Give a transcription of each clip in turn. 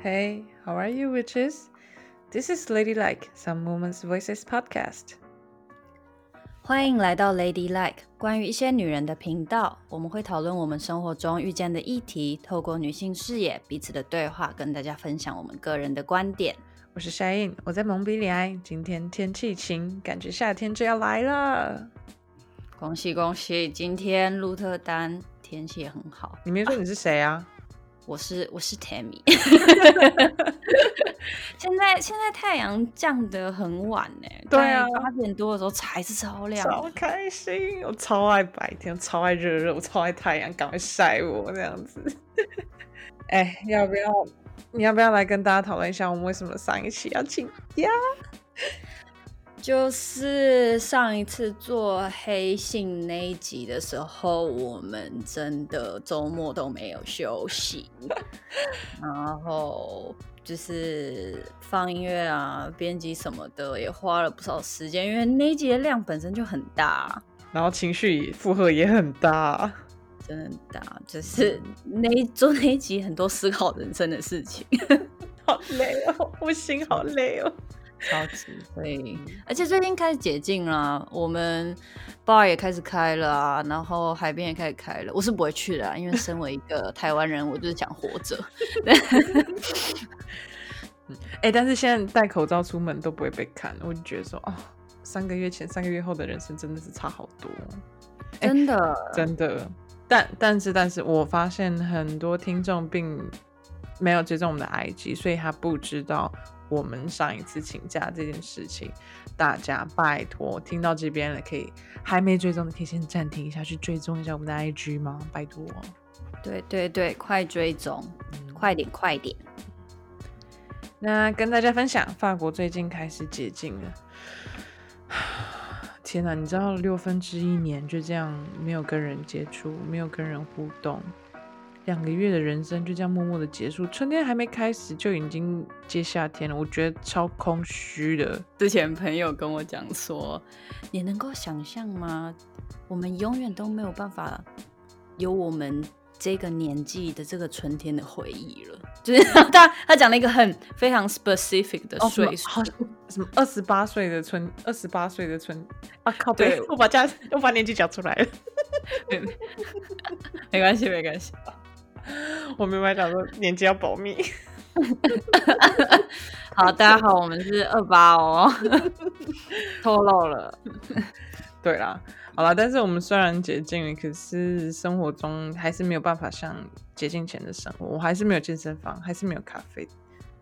Hey, how are you, witches? This is Ladylike, Some Women's Voices Podcast. 歡迎來到 Ladylike，關於一些女人的頻道。我們會討論我們生活中遇見的議題，透過女性視野，彼此的對話，跟大家分享我們個人的觀點。我是 Shine，a 我在蒙彼利埃。今天天氣晴，感覺夏天就要來了。恭喜恭喜！今天鹿特丹天氣也很好。你沒說你是誰啊？ 我是我是 Tammy， 現在現在太陽降得很晚呢，對啊，八點多的時候才是超亮，超開心，我超愛白天，我超愛熱熱，我超愛太陽，趕快曬我這樣子。哎、 欸，要不要你要不要來跟大家討論一下，我們為什麼上一期要請假 就是上一次做黑信那一集的時候，我們真的週末都沒有休息， 然後就是放音樂啊、編輯什麼的也花了不少時間，因為那一集的量本身就很大，然後情緒負荷也很大，真的很大。就是那 做那一集很多思考人生的事情， 好累哦，我心，好累哦。超級會、嗯，而且最近開始解禁了，我們 bar 也開始開了啊，然後海邊也開始開了。我是不會去的、啊，因為身為一個台灣人， 我就是想活着。哎、 欸，但是現在戴口罩出門都不會被看，我就覺得說、哦，三個月前、三個月後的人生真的是差好多，真的，欸、真的。但但是但是我發現很多聽眾並沒有接觸我們的 IG，所以他不知道。我們上一次請假這件事情，大家拜托，聽到這邊了可以，還沒追蹤的可以先暫停一下，去追蹤一下我們的 IG 嗎？拜托我。對對對，快追蹤，嗯、快點快點。那跟大家分享，法國最近開始解禁了。天哪，你知道六分之一年就這樣沒有跟人接觸，沒有跟人互動。兩個月的人生就這樣默默的結束，春天還沒開始就已經接夏天了，我覺得超空虛的。之前朋友跟我講說：“你能夠想象嗎？我們永遠都沒有辦法有我們這個年紀的這個春天的回憶了。”就是他他講了一個很非常 specific 的歲數。哦，什麼二十八歲的春，二十八歲的春。我靠，對，我把家我把年紀講出來了，沒關係，沒關係。 我明白，講說年紀要保密 好，大家好，我們是二八哦，透 露漏了。 對啦，好啦，但是我們雖然解禁了，可是生活中還是沒有辦法像解禁前的生活。我還是沒有健身房，還是沒有咖啡，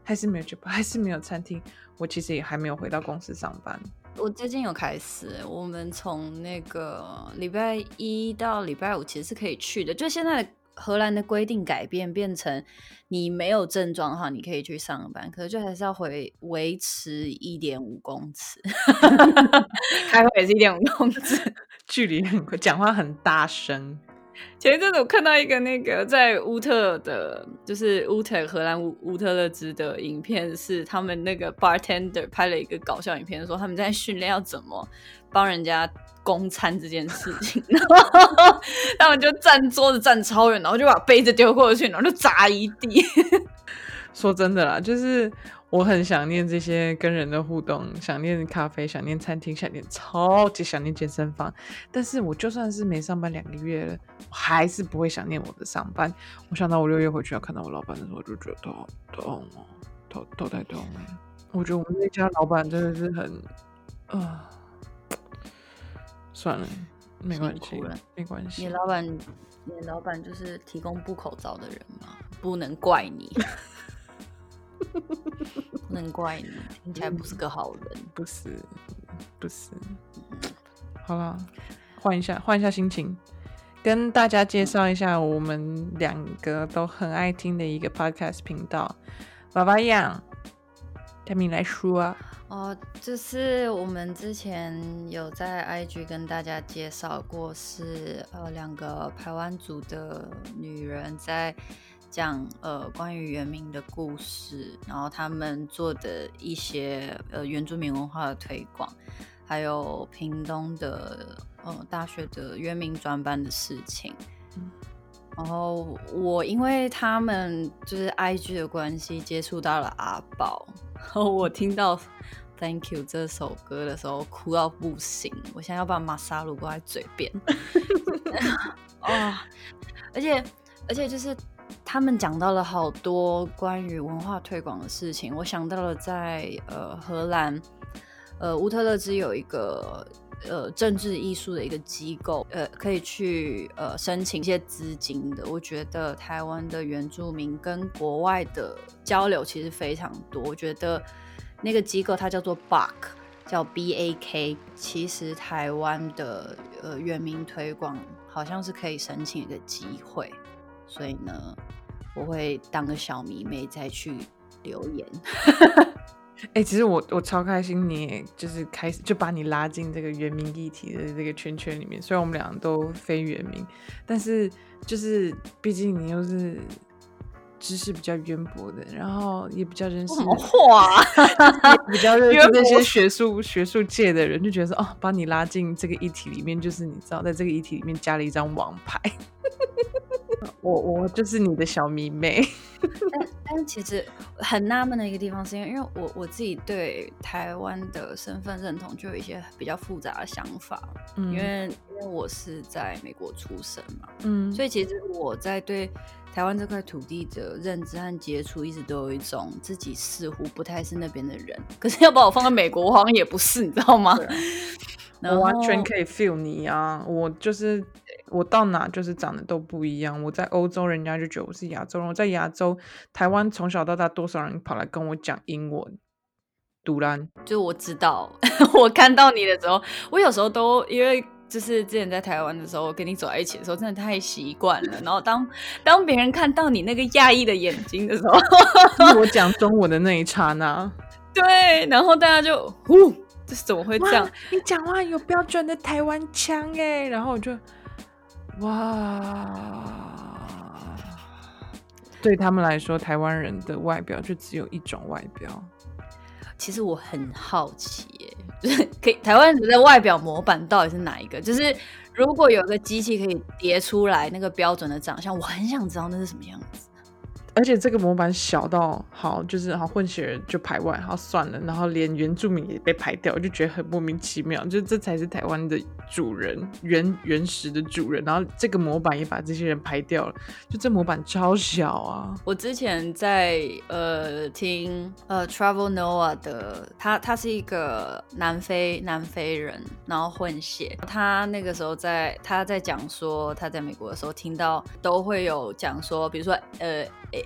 還是沒有酒吧，還是沒有餐廳。我其實也還沒有回到公司上班。我最近有開始，我們從那個禮拜一到禮拜五其實是可以去的，就現在，荷蘭的規定改變，變成你沒有症狀的話，你可以去上班，可是就還是要回維持一點五公尺， 開會也是一點五公尺， 距離很，講話很大聲。前一陣子我看到一個那個在烏特的，就是烏特荷蘭烏特勒支的影片，是他們那個 bartender 拍了一個搞笑影片，說他們在訓練要怎麼幫人家供餐這件事情， 然後他們就站桌子站超遠，然後就把杯子丟過去，然後就砸一地。 說真的啦，就是。我很想念這些跟人的互動，想念咖啡，想念餐廳，想念超級想念健身房。但是我就算是沒上班兩個月了，我還是不會想念我的上班。我想到我六月回去要看到我老板的時候，我就覺得頭好痛哦，頭頭頭太痛。我覺得我們那家老板真的是很……啊、呃，算了，沒關係，沒關係。你老板，你老板就是提供布口罩的人嗎？不能怪你。 不 能怪你，聽起來不是個好人。嗯、不是，不是。好了，換一下，換一下心情，跟大家介紹一下我們兩個都很愛聽的一個 podcast 頻道《爸娃樣，嘉明來說。哦，這是我們之前有在 IG 跟大家介紹過是，是呃兩個排灣族的女人在。講呃關於原民的故事，然後他們做的一些呃原住民文化的推廣，還有屏東的，呃、大學的原民專班的事情，嗯。然後我因為他們就是 IG 的關係接觸到了阿寶，哦。然後我聽到 Thank You 這首歌的時候哭到不行，我現在要把馬沙魯掛在嘴邊。 哦，而且而且就是。他們講到了好多關於文化推廣的事情，我想到了在呃荷蘭，呃烏特勒支有一個呃政治藝術的一個機構，呃可以去呃申請一些資金的。我覺得台灣的原住民跟國外的交流其實非常多，我覺得那個機構它叫做 BAK，叫 B A K，其實台灣的呃原民推廣好像是可以申請一個機會。所以呢，我會當個小迷妹再去留言。哎、 欸，其實我我超開心，你就是開始就把你拉進這個原民議題的這個圈圈裡面。雖然我們倆都非原民，但是就是畢竟你又是知識比較淵博的，然後也比較認識，什麼話比較認識。 因為那些學術學術界的人就覺得說哦，把你拉進這個議題裡面，就是你知道，在這個議題裡面加了一張王牌。 我我就是你的小迷妹， 但但其實很納悶的一個地方是因為因為我我自己對台灣的身份認同就有一些比較複雜的想法，嗯，因為因為我是在美國出生嘛，嗯，所以其實我在對台灣這塊土地的認知和接觸一直都有一種自己似乎不太是那邊的人，可是要把我放在美國，我好像也不是，你知道嗎 ？我完全可以 feel 你啊，我就是。我到哪就是長得都不一樣。我在歐洲，人家就覺得我是亞洲人；我在亞洲，台灣從小到大多少人跑來跟我講英文？獨蘭，就我知道，我看到你的時候，我有時候都因為就是之前在台灣的時候跟你走在一起的時候，真的太習慣了。然後當 當別人看到你那個亞裔的眼睛的時候， 我講中文的那一剎那，對，然後大家就，呼，這是怎麼會這樣？你講話有標準的台灣腔哎，然後我就。哇，對他們來說，台灣人的外表就只有一種外表。其實我很好奇，就是可以台灣人的外表模板到底是哪一個？就是如果有個機器可以疊出來那個標準的長相，我很想知道那是什麼樣子。而且這個模板小到好，就是然後，混血人就排外，好算了，然後連原住民也被排掉，我就覺得很莫名其妙。就這才是台灣的主人，原原始的主人，然後這個模板也把這些人排掉了。就這模板超小啊！我之前在呃聽呃 Travel Noah 的，他他是一個南非南非人，然後混血。他那個時候在他在講說他在美國的時候聽到都會有講說，比如說呃誒。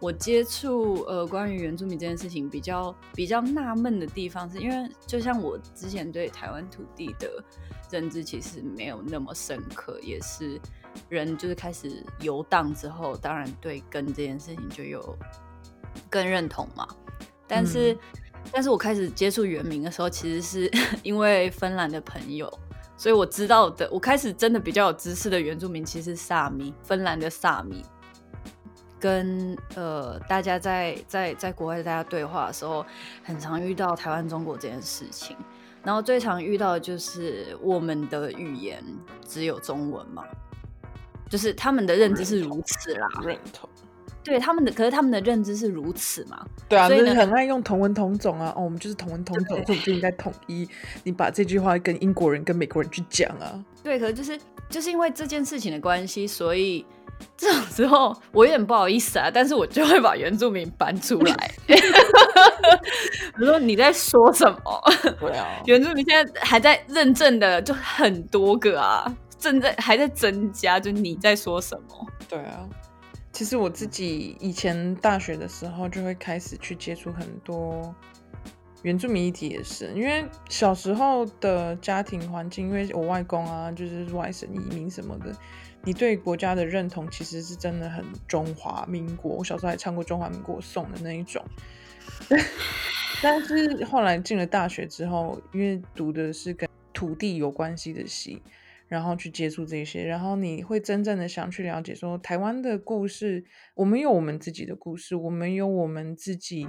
我接觸呃關於原住民這件事情比較比較納悶的地方是，是因為就像我之前對台灣土地的認知其實沒有那麼深刻，也是人就是開始遊蕩之後，當然對根這件事情就有更認同嘛。但是，嗯、但是我開始接觸原民的時候，其實是因為芬蘭的朋友，所以我知道的，我開始真的比較有知識的原住民，其實是薩米，芬蘭的薩米。跟呃，大家在在在國外大家對話的時候，很常遇到台灣中國這件事情。然後最常遇到的就是我們的語言只有中文嘛，就是他們的認知是如此啦。認同。對他們的，可是他們的認知是如此嘛。對啊，所以你很愛用同文同種啊。哦，我們就是同文同種，所以我們就應該統一。你把這句話跟英國人、跟美國人去講啊。對，可能就是就是因為這件事情的關係，所以。這種時候我有點不好意思啊，但是我就會把原住民搬出來。 我說，你在說什麼啊？原住民現在還在認證的，就很多個啊，正在還在增加。就你在說什麼？對啊，其實我自己以前大學的時候就會開始去接觸很多原住民議題，也是因為小時候的家庭環境，因為我外公啊，就是外省移民什麼的。你對國家的認同其實是真的很中華民國，我小時候還唱過《中華民國頌》的那一種。 但是後來進了大學之後，因為讀的是跟土地有關係的系，然後去接觸這些，然後你會真正的想去了解說台灣的故事，我們有我們自己的故事，我們有我們自己。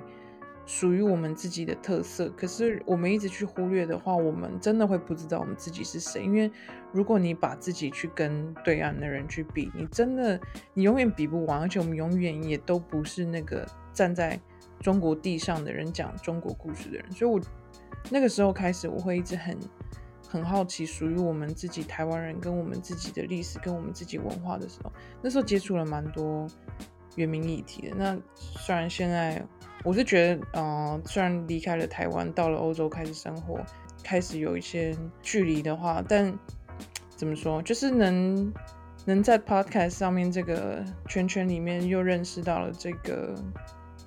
屬於我們自己的特色，可是我們一直去忽略的話，我們真的會不知道我們自己是誰。因為如果你把自己去跟對岸的人去比，你真的你永遠比不完，而且我們永遠也都不是那個站在中國地上的人講中國故事的人。所以我，我那個時候開始，我會一直很很好奇屬於我們自己台灣人跟我們自己的歷史跟我們自己文化的時候，那時候接觸了蠻多原民議題的。那雖然現在。我是覺得，嗯、呃，雖然離開了台灣，到了歐洲開始生活，開始有一些距離的話，但怎麼說，就是能能在 Podcast 上面這個圈圈裡面又認識到了這個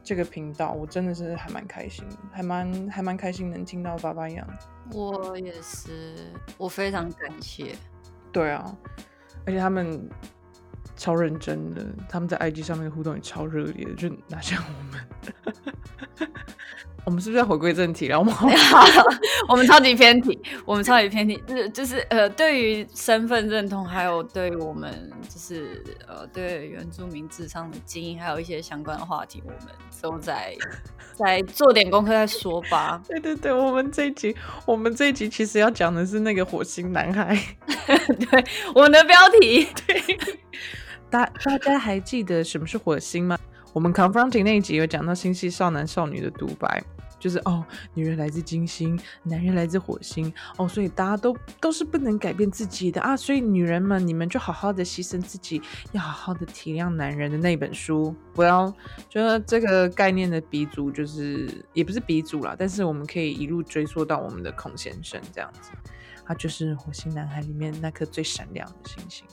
這個頻道，我真的是還蠻開心，還蠻還蠻開心能聽到爸爸羊。我也是，我非常感謝。對啊，而且他們。超認真的，他們在 IG 上面的互動也超熱烈的，就哪像我們。 我們是不是要回歸正題了？我們好 我們，我們超級偏題，我們超級偏題，就是、就是、呃，對於身份認同，還有對我們就是呃，對原住民智商的基因，還有一些相關的話題，我們都在在 做點功課再說吧。 對對對，我們這一集，我們這一集其實要講的是那個火星男孩， 對，我們的標題， 對。 大家大家還記得什麼是火星嗎？我們 confronting 那一集有講到星系少男少女的獨白，就是哦，女人來自金星，男人來自火星哦，所以大家都都是不能改變自己的啊，所以女人們你們就好好的犧牲自己，要好好的體諒男人的那本書。不要覺得這個概念的鼻祖就是也不是鼻祖啦，但是我們可以一路追溯到我們的孔先生這樣子，他就是火星男孩裡面那顆最閃亮的星星。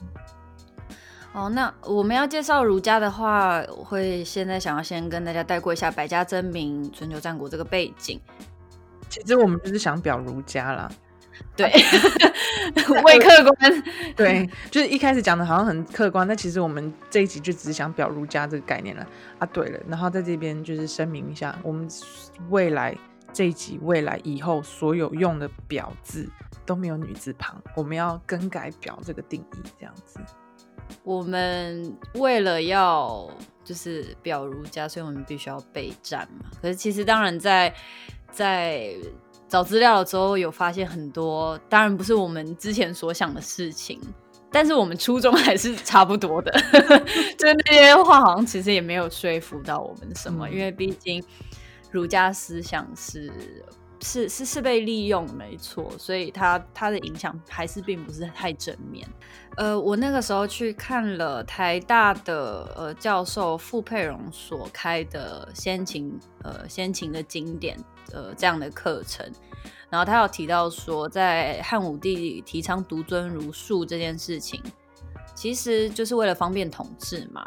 哦，那我們要介紹儒家的話，我會現在想要先跟大家帶過一下百家爭鳴、春秋戰國這個背景。其實我們就是想表儒家啦，對，為、啊、 客觀。 對，就是一開始講的好像很客觀， 但其實我們這一集就只是想表儒家這個概念了。啊，對了，然後在這邊就是聲明一下，我們未來這一集、未來以後所有用的“表”字都沒有女字旁，我們要更改“表”這個定義，這樣子。我們為了要就是表儒家，所以我們必須要備戰嘛。可是其實當然在在找資料的時候，有發現很多，當然不是我們之前所想的事情，但是我們初衷還是差不多的。 就是那些話好像其實也沒有說服到我們什麼，嗯、因為畢竟儒家思想是是是是被利用，沒錯，所以它它的影響還是並不是太正面。呃，我那個時候去看了台大的呃教授傅佩榮所開的先秦呃先秦的經典呃這樣的課程，然後他有提到說，在漢武帝提倡獨尊儒術這件事情，其實就是為了方便統治嘛。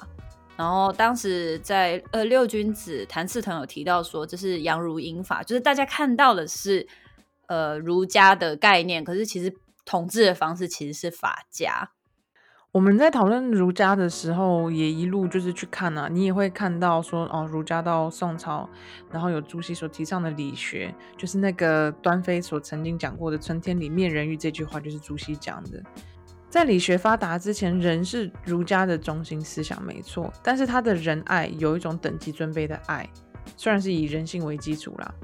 然後當時在呃六君子譚嗣同有提到說，這是陽儒陰法，就是大家看到的是呃儒家的概念，可是其實統治的方式其實是法家。我們在討論儒家的時候，也一路就是去看啊，你也會看到說，哦，儒家到宋朝，然後有朱熹所提倡的理學，就是那個端妃所曾經講過的“存天理，滅人欲”這句話，就是朱熹講的。在理學發達之前，仁是儒家的中心思想，沒錯，但是他的仁愛有一種等級尊卑的愛，雖然是以人性為基礎啦。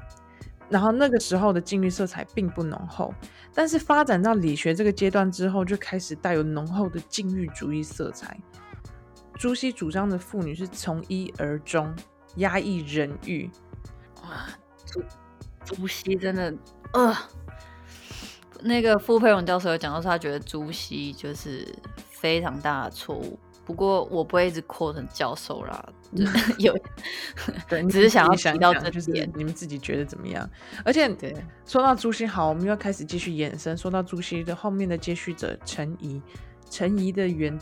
然後那個時候的禁欲色彩並不濃厚，但是發展到理學這個階段之後，就開始帶有濃厚的禁欲主義色彩。朱熹主張的婦女是從一而終，壓抑人欲。哇，朱朱熹真的，呃，那個傅佩榮教授有講到說，他覺得朱熹就是非常大的錯誤。不過我不會一直 call 成教授啦，有對，有對 只是想要提到這點。 想想你們自己覺得怎麼樣？而且說到朱熹，好，我們又要開始繼續延伸。說到朱熹的後面的接續者陳頤，陳頤的原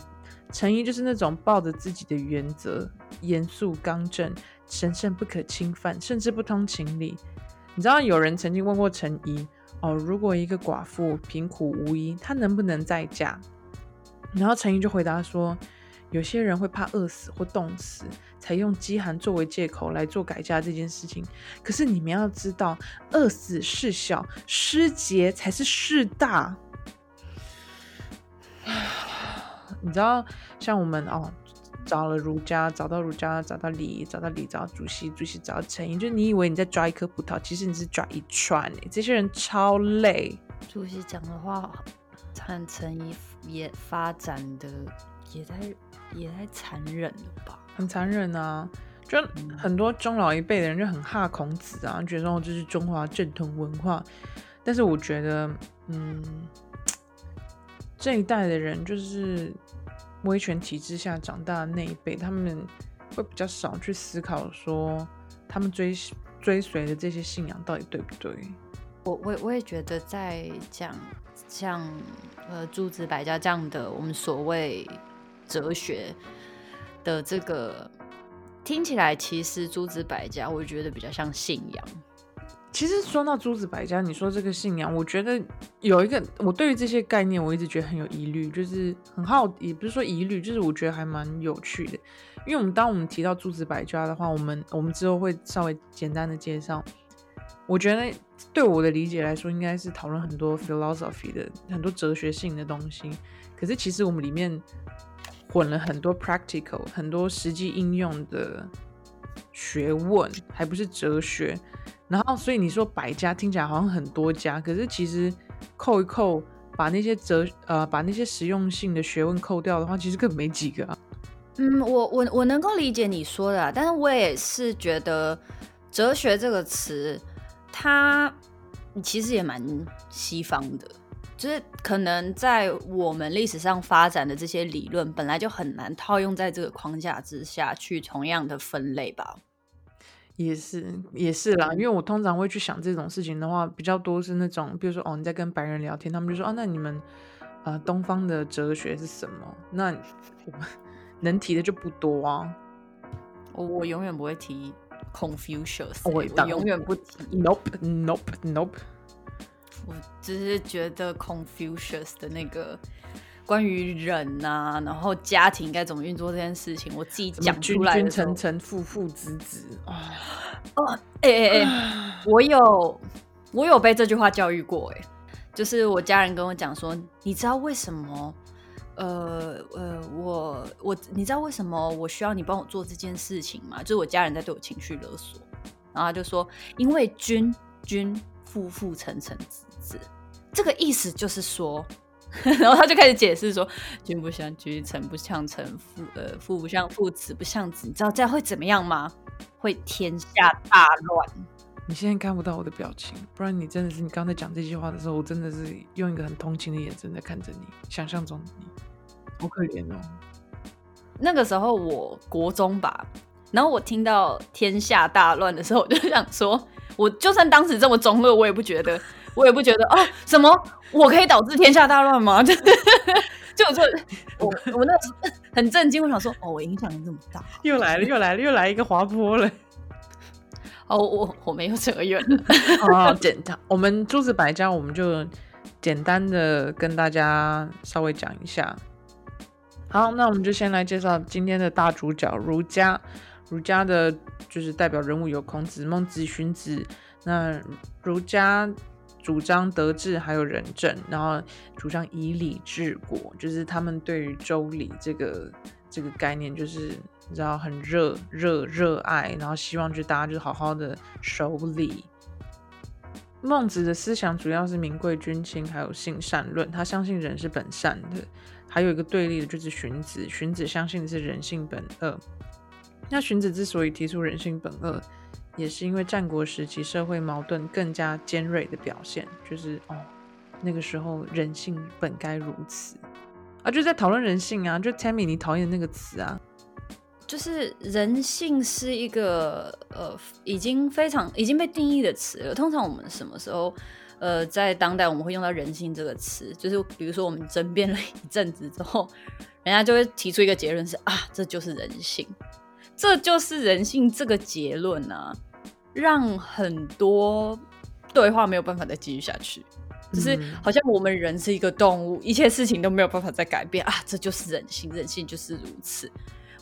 陳頤就是那種抱着自己的原則，嚴肅剛正，神聖不可侵犯，甚至不通情理。你知道有人曾經問過陳頤哦，如果一個寡婦貧苦無依，她能不能再嫁？然後陳頤就回答說。有些人會怕餓死或凍死，才用飢寒作為借口來做改嫁這件事情。可是你們要知道，餓死事小，失節才是事大。 你知道，像我們哦，找了儒家，找到儒家，找到禮，找到禮，找到朱熹，朱熹找到程頤，就你以為你在抓一顆葡萄，其實你是抓一串、欸。這些人超累。朱熹講的話，看程頤也發展的，也在。也太殘忍了吧！很殘忍啊，就很多中老一輩的人就很哈孔子啊，覺得說這是中華正統文化。但是我覺得，嗯，這一代的人就是威權體制下長大的那一輩，他們會比較少去思考說他們追追隨的這些信仰到底對不對。我我我也覺得在，在講像呃諸子百家這樣的我們所謂。哲學的這個聽起來，其實諸子百家，我覺得比較像信仰。其實說到諸子百家，你說這個信仰，我覺得有一個，我對於這些概念，我一直覺得很有疑慮，就是很好，也不是說疑慮，就是我覺得還蠻有趣的。因為我們當我們提到諸子百家的話，我們我們之後會稍微簡單的介紹。我覺得對我的理解來說，應該是討論很多 philosophy 的很多哲學性的東西。可是其實我們裡面。混了很多 practical，很多實際應用的學問，還不是哲學。然後，所以你說百家，聽起來好像很多家，可是其實扣一扣，把那些哲呃，把那些實用性的學問扣掉的話，其實根本沒幾個啊。嗯，我我我能夠理解你說的啊，但是我也是覺得哲學這個詞，它其實也蠻西方的。就是可能在我們歷史上發展的這些理論本來就很難套用在這個框架之下去同樣的分類吧，也是也是啦，因為我通常我會去想這種事情的話，比較多是那種，比如說哦，你在跟白人聊天，他們就說啊，那你們呃東方的哲學是什麼？那我們能提的就不多啊，我我永遠不會提 Confucius，Oh, I don't. 我永遠不提，Nope，Nope，Nope。Nope, nope, nope. 我只是覺得 Confucius 的那個關於人吶、啊，然後家庭該怎麼運作這件事情，我自己講出來的。君君臣臣，父父子子啊！哦，哎哎哎，我有我有被這句話教育過哎、欸，就是我家人跟我講說，你知道為什麼？呃呃，我我，你知道為什麼我需要你幫我做這件事情嗎？就是我家人在對我情緒勒索，然後他就說，因為君君，父父，臣臣，子。這個意思就是說，然後他就開始解釋說：“ 君不相君，臣不相臣，父呃父不相父，子不相子。”你知道這樣會怎麼樣嗎？會天下大亂。你現在看不到我的表情，不然你真的是你剛才講這句話的時候，我真的是用一個很同情的眼神在看着你。想象中的你好可憐哦、啊。那個時候我國中吧，然後我聽到天下大亂的時候，我就想說，我就算當時這麼中二，我也不覺得。 我也不覺得啊，什麼我可以導致天下大亂嗎？ 就就我我我那很震驚，我想說，哦，我影響力這麼大，又來了 又來了,又來了,又來一個滑坡了。哦，我我沒有這麼遠的。 好,好，簡單，我們諸子百家，我們就簡單的跟大家稍微講一下。好，那我們就先來介紹今天的大主角儒家。儒家的就是代表人物有孔子、孟子、荀子。那儒家。主張德治、還有仁政，然後主張以禮治國，就是他們對於周禮這個這個概念，就是你知道很熱熱熱愛，然後希望就大家就好好的守禮。孟子的思想主要是民貴君輕，還有性善論，他相信人是本善的。還有一個對立的就是荀子，荀子相信的是人性本惡。那荀子之所以提出人性本惡，也是因為戰國時期社會矛盾更加尖銳的表現，就是哦，那個時候人性本該如此啊，就在討論人性啊，就 Tammy，你討厭那個詞啊，就是人性是一個呃已經非常已經被定義的詞了。通常我們什麼時候呃在當代我們會用到“人性”這個詞，就是比如說我們爭辯了一陣子之後，人家就會提出一個結論是啊，這就是人性。這就是人性這個結論啊，讓很多對話沒有辦法再繼續下去。嗯。就是好像我們人是一個動物，一切事情都沒有辦法再改變啊！這就是人性，人性就是如此。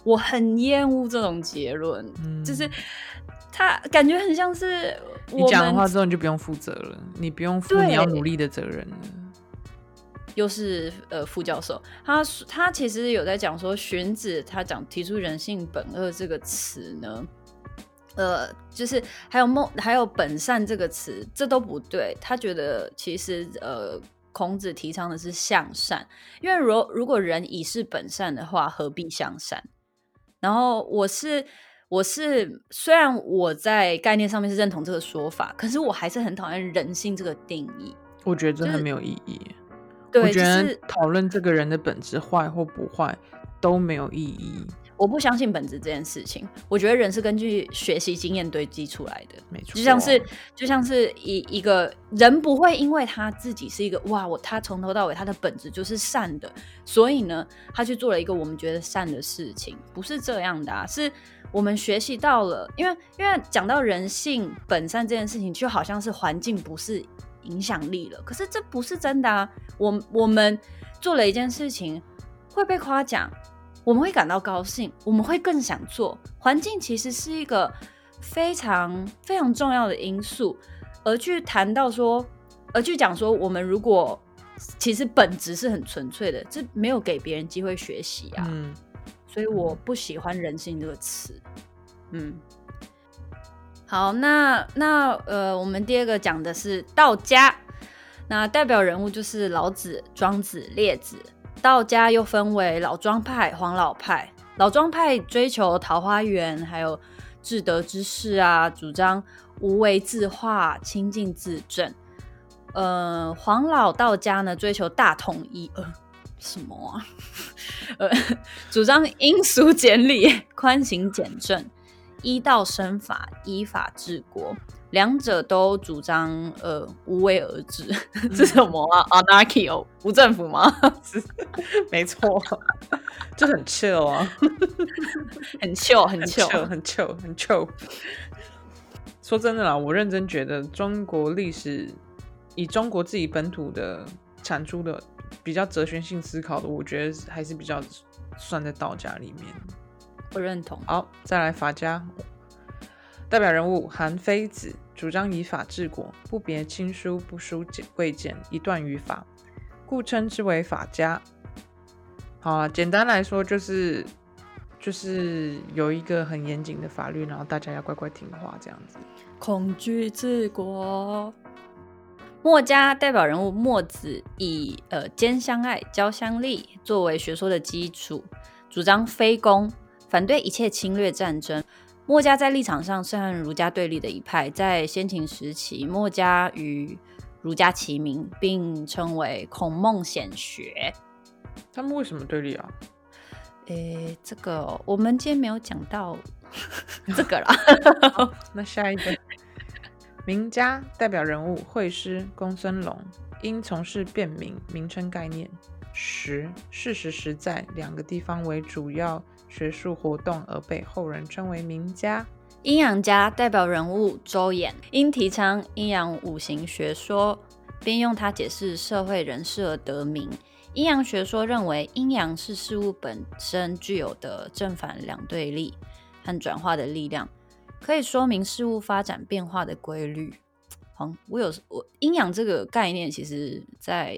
我很厭惡這種結論，嗯。就是他感覺很像是我你講的話之後你就不用負責了，你不用負你要努力的責任了。又是呃，副教授，他他其實有在講說荀子他講提出人性本惡這個詞呢，呃，就是還有孟還有本善這個詞，這都不對。他覺得其實呃，孔子提倡的是向善，因為如如果人已是本善的話，何必向善？然後我是我是雖然我在概念上面是認同這個說法，可是我還是很討厭人性這個定義，我覺得真的沒有意義。就是我覺得討論這個人的本質壞或不壞、就是、都沒有意義。我不相信本質這件事情。我覺得人是根據學習經驗堆積出來的，沒錯。就像是就像是一一個人不會因為他自己是一個哇，我他從頭到尾他的本質就是善的，所以呢，他去做了一個我們覺得善的事情，不是這樣的啊，是我們學習到了。因為因為講到人性本善這件事情，就好像是環境不是。影響力了，可是這不是真的啊！我我們做了一件事情，會被誇獎，我們會感到高興，我們會更想做。環境其實是一個非常非常重要的因素，而去談到說，而去講說，我們如果其實本質是很純粹的，這沒有給別人機會學習啊。嗯，所以我不喜歡“人性”這個詞。嗯。好，那那呃，我們第二個講的是道家，那代表人物就是老子、莊子、列子。道家又分為老莊派、黃老派。老莊派追求桃花源，還有至德之士啊，主張無為自化、清淨自正。呃，黃老道家呢，追求大統一，呃，什麼啊？ 呃，主張因俗簡禮、寬刑簡政。依道生法，依法治國，兩者都主張呃無為而治，這、嗯、是什麼啊？啊 Anarchy 哦，無政府嗎？是沒錯， 就很 chill chill 啊， 很 chill，很 chill，很 chill，很 chill。說真的啦，我認真覺得中國歷史，以中國自己本土的產出的比較哲學性思考的，我覺得還是比較算在道家裡面。不認同。好，再來法家代表人物韓非子，主張以法治國，不別親疏，不殊貴賤，一斷於法，故稱之為法家。好，簡單來說就是就是有一個很嚴謹的法律，然後大家要乖乖聽話，這樣子。恐懼治國。墨家代表人物墨子，以呃兼相愛，交相利作為學說的基礎，主張非攻。反對一切侵略戰爭。墨家在立場上是和儒家對立的一派。在先秦時期，墨家與儒家齊名，並稱為孔孟顯學。他們為什麼對立啊？哎、欸，這個我們今天沒有講到這個了。 那下一個 名家代表人物惠施、公孫龍，因從事辯名，名稱概念，實事實實在兩個地方為主要。學術活動而被後人稱為名家。陰陽家代表人物周衍，因提倡陰陽五行學說，並用它解釋社會人士而得名。陰陽學說認為，陰陽是事物本身具有的正反兩對立和轉化的力量，可以說明事物發展變化的規律。好，嗯，我有我陰陽這個概念，其實在，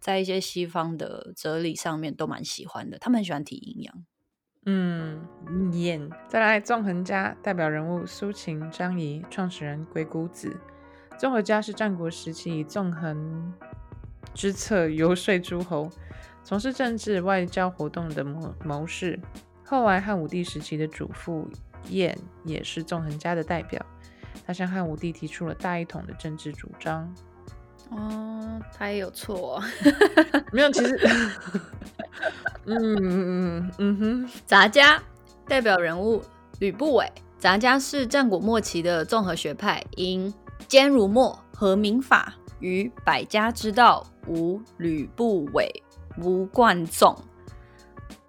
在在一些西方的哲理上面都蠻喜歡的，他們很喜歡提陰陽。嗯、燕、yeah.，再來，縱橫家代表人物蘇秦、張儀，創始人鬼谷子。縱橫家是戰國時期以縱橫之策游說諸侯、從事政治外交活動的謀謀士。後來漢武帝時期的主父偃、yeah. 也是縱橫家的代表，他向漢武帝提出了大一統的政治主張。哦，他也有錯、哦，沒有，其實，嗯嗯嗯嗯哼，雜、嗯、家代表人物呂不韋，雜家是戰國末期的綜合學派，因兼儒墨和民法於百家之道無，無呂不韋，無貫綜，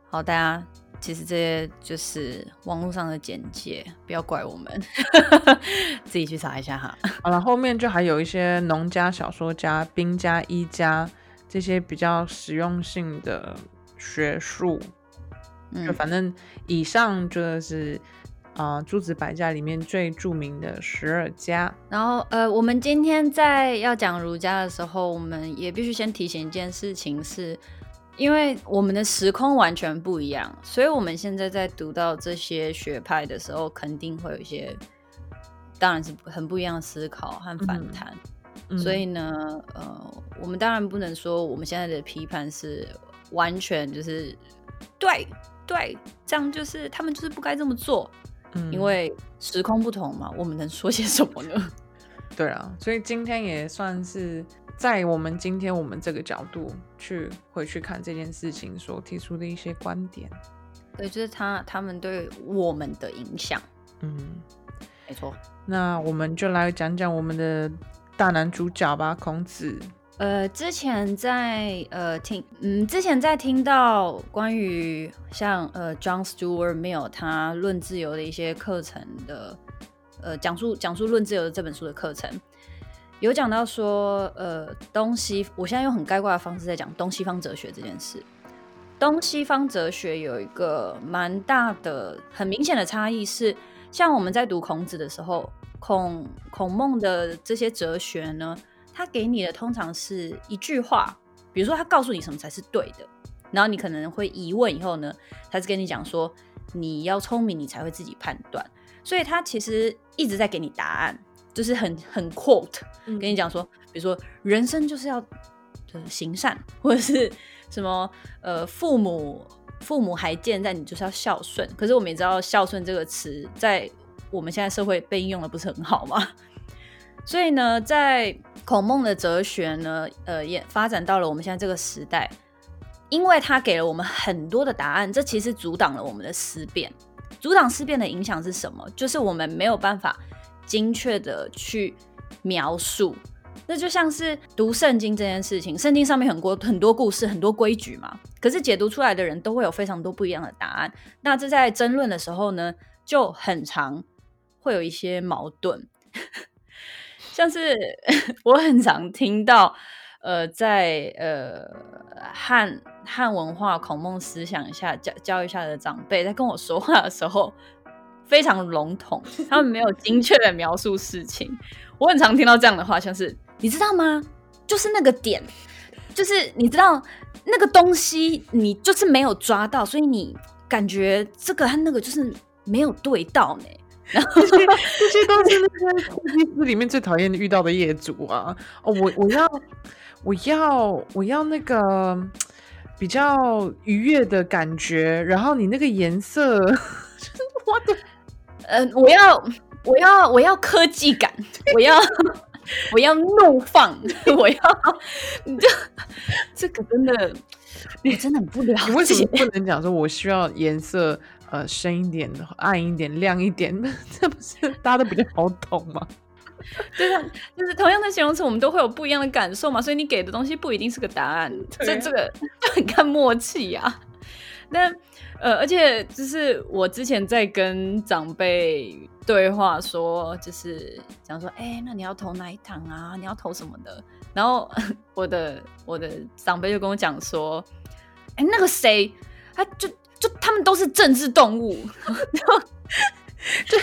好、啊，大家。其實這些就是網絡上的簡介，不要怪我們， 自己去查一下哈。好了，後面就還有一些農家、小說家、兵家、醫家這些比較實用性的學術。嗯，反正以上就是啊呃、諸子百家裡面最著名的十二家。然後呃，我們今天在要講儒家的時候，我們也必須先提醒一件事情是。因為我們的時空完全不一樣，所以我們現在在讀到這些學派的時候，肯定會有一些，當然是很不一樣的思考和反彈，嗯。所以呢，嗯，呃，我們當然不能說我們現在的批判是完全就是對對，這樣就是他們就是不該這麼做，嗯，因為時空不同嘛，我們能說些什麼呢？對啊，所以今天也算是。在我們今天我們這個角度去回去看這件事情所提出的一些觀點，對，就是他他們對我們的影響，嗯，沒錯。那我們就來講講我們的大男主角吧，孔子。呃，之前在呃聽，嗯，之前在聽到關於像呃 John Stuart Mill 他論自由的一些課程的，呃，講述講述《論自由》這本書的課程。有講到說，呃，東西，我現在用很概括的方式在講東西方哲學這件事。東西方哲學有一個蠻大的、很明顯的差異是，像我們在讀孔子的時候，孔孔孟的這些哲學呢，他給你的通常是一句話，比如說他告訴你什麼才是對的，然後你可能會疑問以後呢，他是跟你講說你要聰明，你才會自己判斷，所以他其實一直在給你答案。就是很很 quote、嗯、跟你講說，比如說人生就是要就是行善，或者是什麼呃父母父母還健在，你就是要孝順。可是我們也知道孝順這個詞在我們現在社會被應用的不是很好嗎？所以呢，在孔孟的哲學呢，呃也發展到了我們現在這個時代，因為他給了我們很多的答案，這其實阻擋了我們的思辨。阻擋思辨的影響是什麼？就是我們沒有辦法。精確的去描述，那就像是讀聖經這件事情。聖經上面很多很多故事，很多規矩嘛。可是解讀出來的人都會有非常多不一樣的答案。那這在爭論的時候呢，就很常會有一些矛盾。 像是我很常聽到，呃，在呃漢漢文化、孔孟思想下教教育下的長輩在跟我說話的時候。非常籠統，他們沒有精確的描述事情。我很常聽到這樣的話，像是你知道嗎？就是那個點，就是你知道那個東西，你就是沒有抓到，所以你感覺這個和那個就是沒有對到呢。然後，這些是那些 裡面最討厭遇到的業主啊！哦，我我要我要我要那個比較愉悅的感覺，然後你那個顏色，我的。呃、我要我，我要，我要科技感，我要， 我要怒放，我要，這這個真的你真的很不了解，解為什麼不能講說，我需要顏色呃深一點、暗一點、亮一點？ 這不是大家都比較好懂嗎？就像就是同樣的形容詞，我們都會有不一樣的感受嘛。所以你給的東西不一定是個答案，這、啊、這個就很看默契呀、啊。那，呃，而且就是我之前在跟長輩對話說，說就是講說，哎、欸，那你要投哪一黨啊？你要投什麼的？然後我的我的長輩就跟我講說，哎、欸，那個誰，他就就他們都是政治動物。 就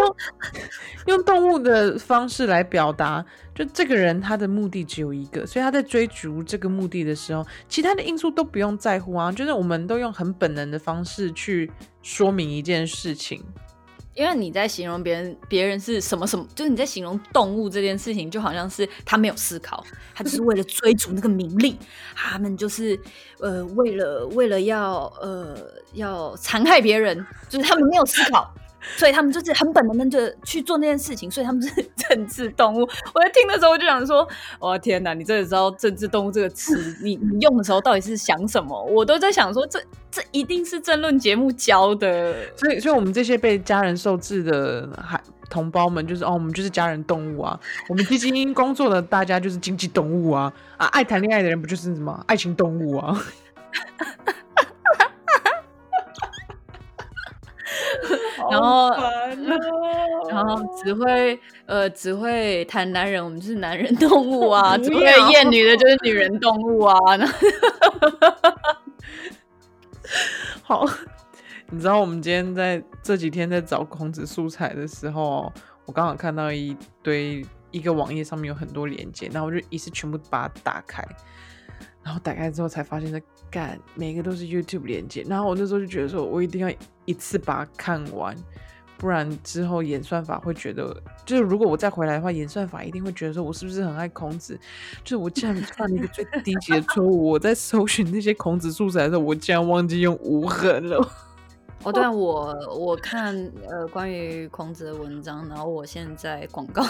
用 用動物的方式來表達，就這個人他的目的只有一個，所以他在追逐這個目的的時候，其他的因素都不用在乎啊。就是我們都用很本能的方式去說明一件事情，因為你在形容別人，別人是什麼什麼，就是你在形容動物這件事情，就好像是他沒有思考，他就是為了追逐那個名利，他們就是呃為了為了要呃要殘害別人，就是他們沒有思考。 所以他們就是很本能的去做那件事情，所以他們是政治動物。我在聽的時候我就想說：“我的天哪，你真的知道‘政治動物’這個詞？你 你用的時候到底是想什麼？”我都在想說，這這一定是政論節目教的。所以，所以我們這些被家人受制的還同胞們，就是哦，我們就是家人動物啊。我們畢竟工作的大家就是經濟動物啊。啊，愛談戀愛的人不就是什麼愛情動物啊？ 然後、哦，然後只會呃只會談男人，我們就是男人動物啊， 只會厭女的，就是女人動物啊。 好，你知道我們今天在這幾天在找孔子素材的時候，我剛好看到一堆一個網頁上面有很多連接，那我就一次全部把它打開，然後打開之後才發現的。每個都是 YouTube 連接，然後我那時候就覺得說，我一定要一次把它看完，不然之後演算法會覺得，就是如果我再回來的話，演算法一定會覺得說，我是不是很愛孔子？就是我竟然犯了一個最低級的錯誤， 我在搜尋那些孔子素材的時候，我竟然忘記用無痕了。哦，對， 我我看呃關於孔子的文章，然後我現在廣告。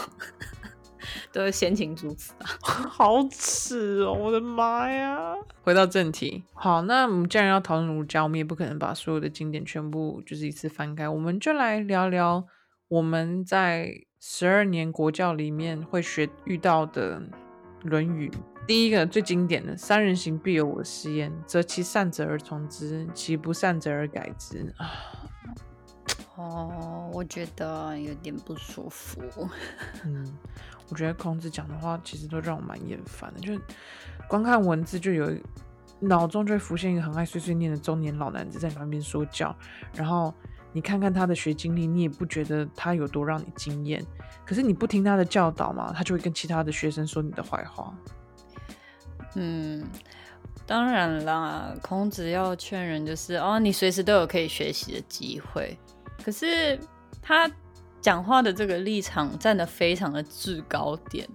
的先秦諸子啊， 好恥哦！我的媽呀！回到正題，好，那我們既然要討論儒家，我們也不可能把所有的經典全部就是一次翻開，我們就來聊聊我們在十二年國教裡面會學遇到的《論語》。第一個最經典的“三人行，必有我師焉；擇其善者而從之，其不善者而改之。”啊，哦、oh，我覺得有點不舒服。 嗯我覺得孔子講的話其實都讓我蠻厭煩的，就是光看文字就有腦中就會浮現一個很愛碎碎念的中年老男子在旁邊說教，然後你看看他的學經歷，你也不覺得他有多讓你驚豔，可是你不聽他的教導嘛，他就會跟其他的學生說你的壞話。嗯，當然啦，孔子要勸人就是哦，你隨時都有可以學習的機會，可是他。講話的這個立場站得非常的制高點，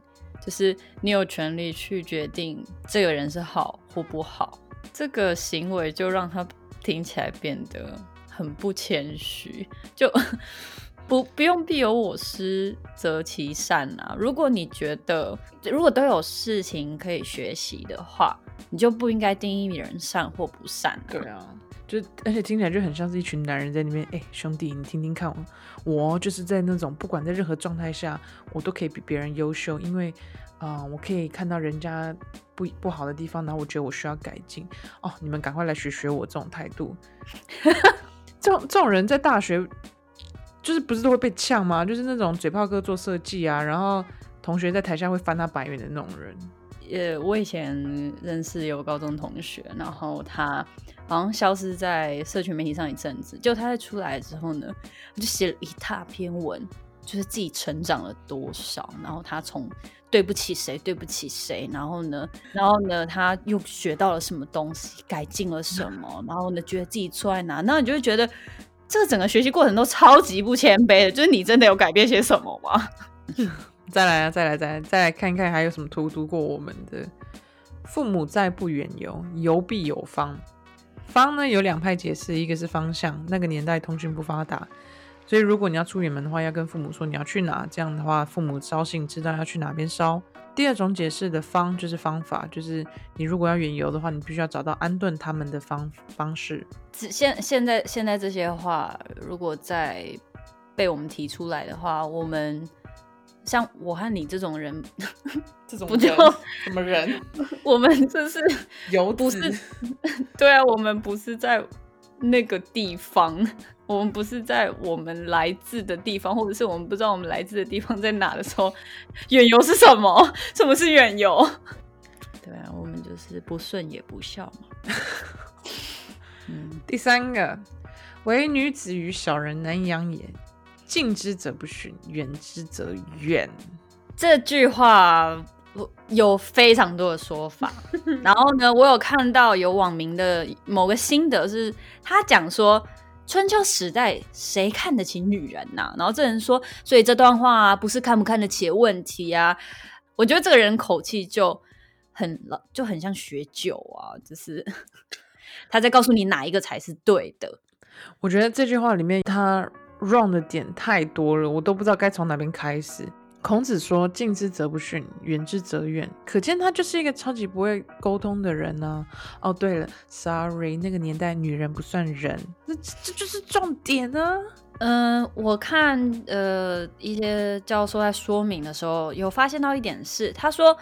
就是你有權利去決定這個人是好或不好。這個行為就讓他聽起來變得很不謙虛，就不，不用必有我師，擇其善啊。如果你覺得如果都有事情可以學習的話，你就不應該定義人善或不善。對啊。就而且聽起來就很像是一群男人在裡面，哎、欸，兄弟，你聽聽看我，我就是在那種不管在任何狀態下，我都可以比別人優秀，因為，啊、呃，我可以看到人家不不好的地方，然後我覺得我需要改進。哦，你們趕快來學學我這種態度。 這種這種人在大學就是不是都會被嗆嗎？就是那種嘴炮哥做設計啊，然後同學在台下會翻他白眼的那種人。也我以前認識有高中同學，然後他。好像消失在社群媒體上一陣子，就他在出來之後呢，就寫了一大篇文，就是自己成長了多少，然後他從對不起誰，對不起誰，然後呢，然後呢，他又學到了什麼東西，改進了什麼，然後呢，覺得自己錯在哪，那你就會覺得這個整個學習過程都超級不謙卑的，就是你真的有改變些什麼嗎？ 再來啊，再來，再來再來看看還有什麼荼毒過我們的父母在不遠遊，遊必有方，方呢有兩派解釋，一個是方向，那個年代通訊不發達，所以如果你要出遠門的話，要跟父母說你要去哪，這樣的話父母捎信知道要去哪邊捎。第二種解釋的方就是方法，就是你如果要遠遊的話，你必須要找到安頓他們的方方式。現現在現在這些話如果再被我們提出來的話，我們。像我和你這種人，這種不就什麼人？ 我們就是遊，不是對啊？我們不是在那個地方，我們不是在我們來自的地方，或者是我們不知道我們來自的地方在哪的時候，遠遊是什麼？什麼是遠遊？對啊，我們就是不順也不孝嘛。 嗯，第三個，唯女子與小人難養也。近之則不遜，遠之則怨。這句話我有非常多的說法。 然後呢，我有看到有網民的某個心得是，是他講說春秋時代誰看得起女人吶、啊？然後這人說，所以這段話、啊、不是看不看得起的問題啊。我覺得這個人口氣就很就很像學究啊，就是他在告訴你哪一個才是對的。我覺得這句話裡面他。wrong 的點太多了，我都不知道該從哪邊開始。孔子說：“近之則不遜，遠之則怨。”可見他就是一個超級不會溝通的人呢、啊。哦，對了，sorry，那個年代女人不算人，那這，這，這就是重點呢、啊。嗯、呃，我看呃一些教授在說明的時候，有發現到一點是，他說。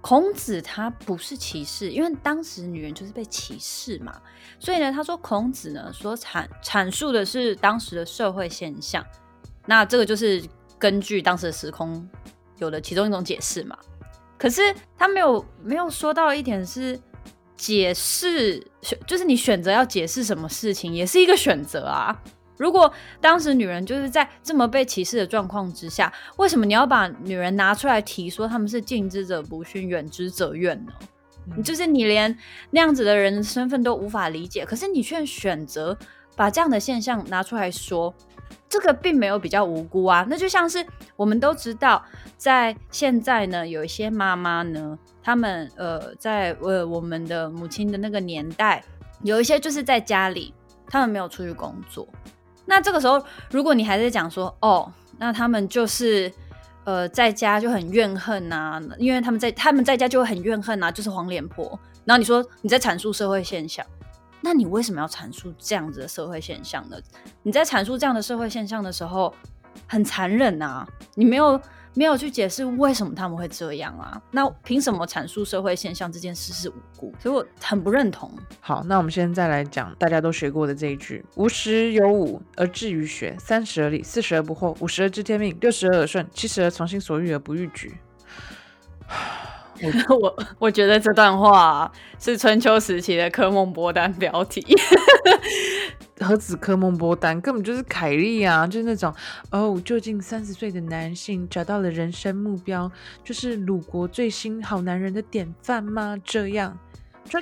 孔子他不是歧視，因為當時女人就是被歧視嘛，所以呢，他說孔子呢所闡闡述的是當時的社會現象，那這個就是根據當時的時空有了其中一種解釋嘛。可是他沒有沒有說到一點是解釋，就是你選擇要解釋什麼事情也是一個選擇啊。如果當時女人就是在這麼被歧視的狀況之下，為什麼你要把女人拿出來提說他們是近之者不遜，遠之者怨呢？嗯。就是你連那樣子的人身份都無法理解，可是你卻選擇把這樣的現象拿出來說，這個並沒有比較無辜啊。那就像是我們都知道，在現在呢，有一些媽媽呢，他們呃，在呃我們的母親的那個年代，有一些就是在家裡，他們沒有出去工作。那這個時候，如果你還在講說哦，那他們就是，呃，在家就很怨恨吶、啊，因為他們在他們在家就會很怨恨吶、啊，就是黃臉婆。然後你說你在闡述社會現象，那你為什麼要闡述這樣子的社會現象呢？你在闡述這樣的社會現象的時候，很殘忍啊，你沒有。沒有去解釋為什麼他們會這樣啊？那憑什麼闡述社會現象這件事是無辜？所以我很不認同。好，那我們現在來講大家都學過的這一句：吾十有五而志於學，三十而立，四十而不惑，五十而知天命，六十而耳順，七十而從心所欲而不逾矩。我 我，我覺得這段話、啊、是春秋時期的科夢波丹標題。 和子柯夢波丹根本就是凱莉啊，就是那種哦，就近三十歲的男性找到了人生目標，就是魯國最新好男人的典範嗎？這樣，這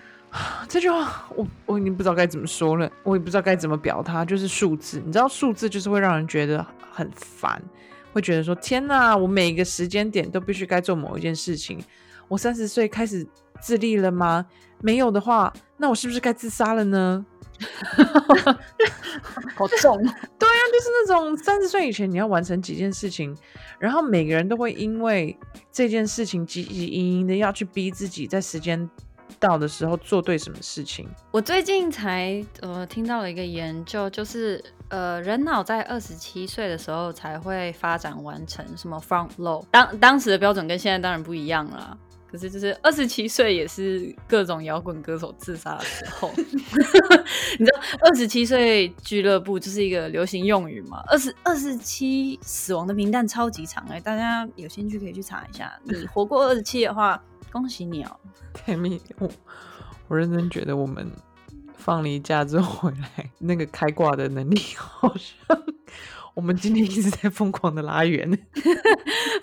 這句話我我已經不知道該怎麼說了，我也不知道該怎麼表達，就是數字，你知道數字就是會讓人覺得很煩，會覺得說天哪，我每一個時間點都必須該做某一件事情，我三十歲開始。自立了嗎？沒有的話，那我是不是該自殺了呢？ 好重， 對啊，就是那種三十歲以前你要完成幾件事情，然後每個人都會因為這件事情，汲汲營營的要去逼自己，在時間到的時候做對什麼事情。我最近才呃聽到了一個研究，就是呃人腦在二十七歲的時候才會發展完成，什麼 front load，當當時的標準跟現在當然不一樣了。可是，就是二十七歲也是各種搖滾歌手自殺的時候。 你知道，二十七歲俱樂部就是一個流行用語嘛？二十二十七死亡的名單超級長哎、欸，大家有興趣可以去查一下。你活過二十七的話， 恭喜你哦，Tammy。我我認真覺得，我們放了一假之後回來，那個開掛的能力好像。 我們今天一直在瘋狂的拉遠，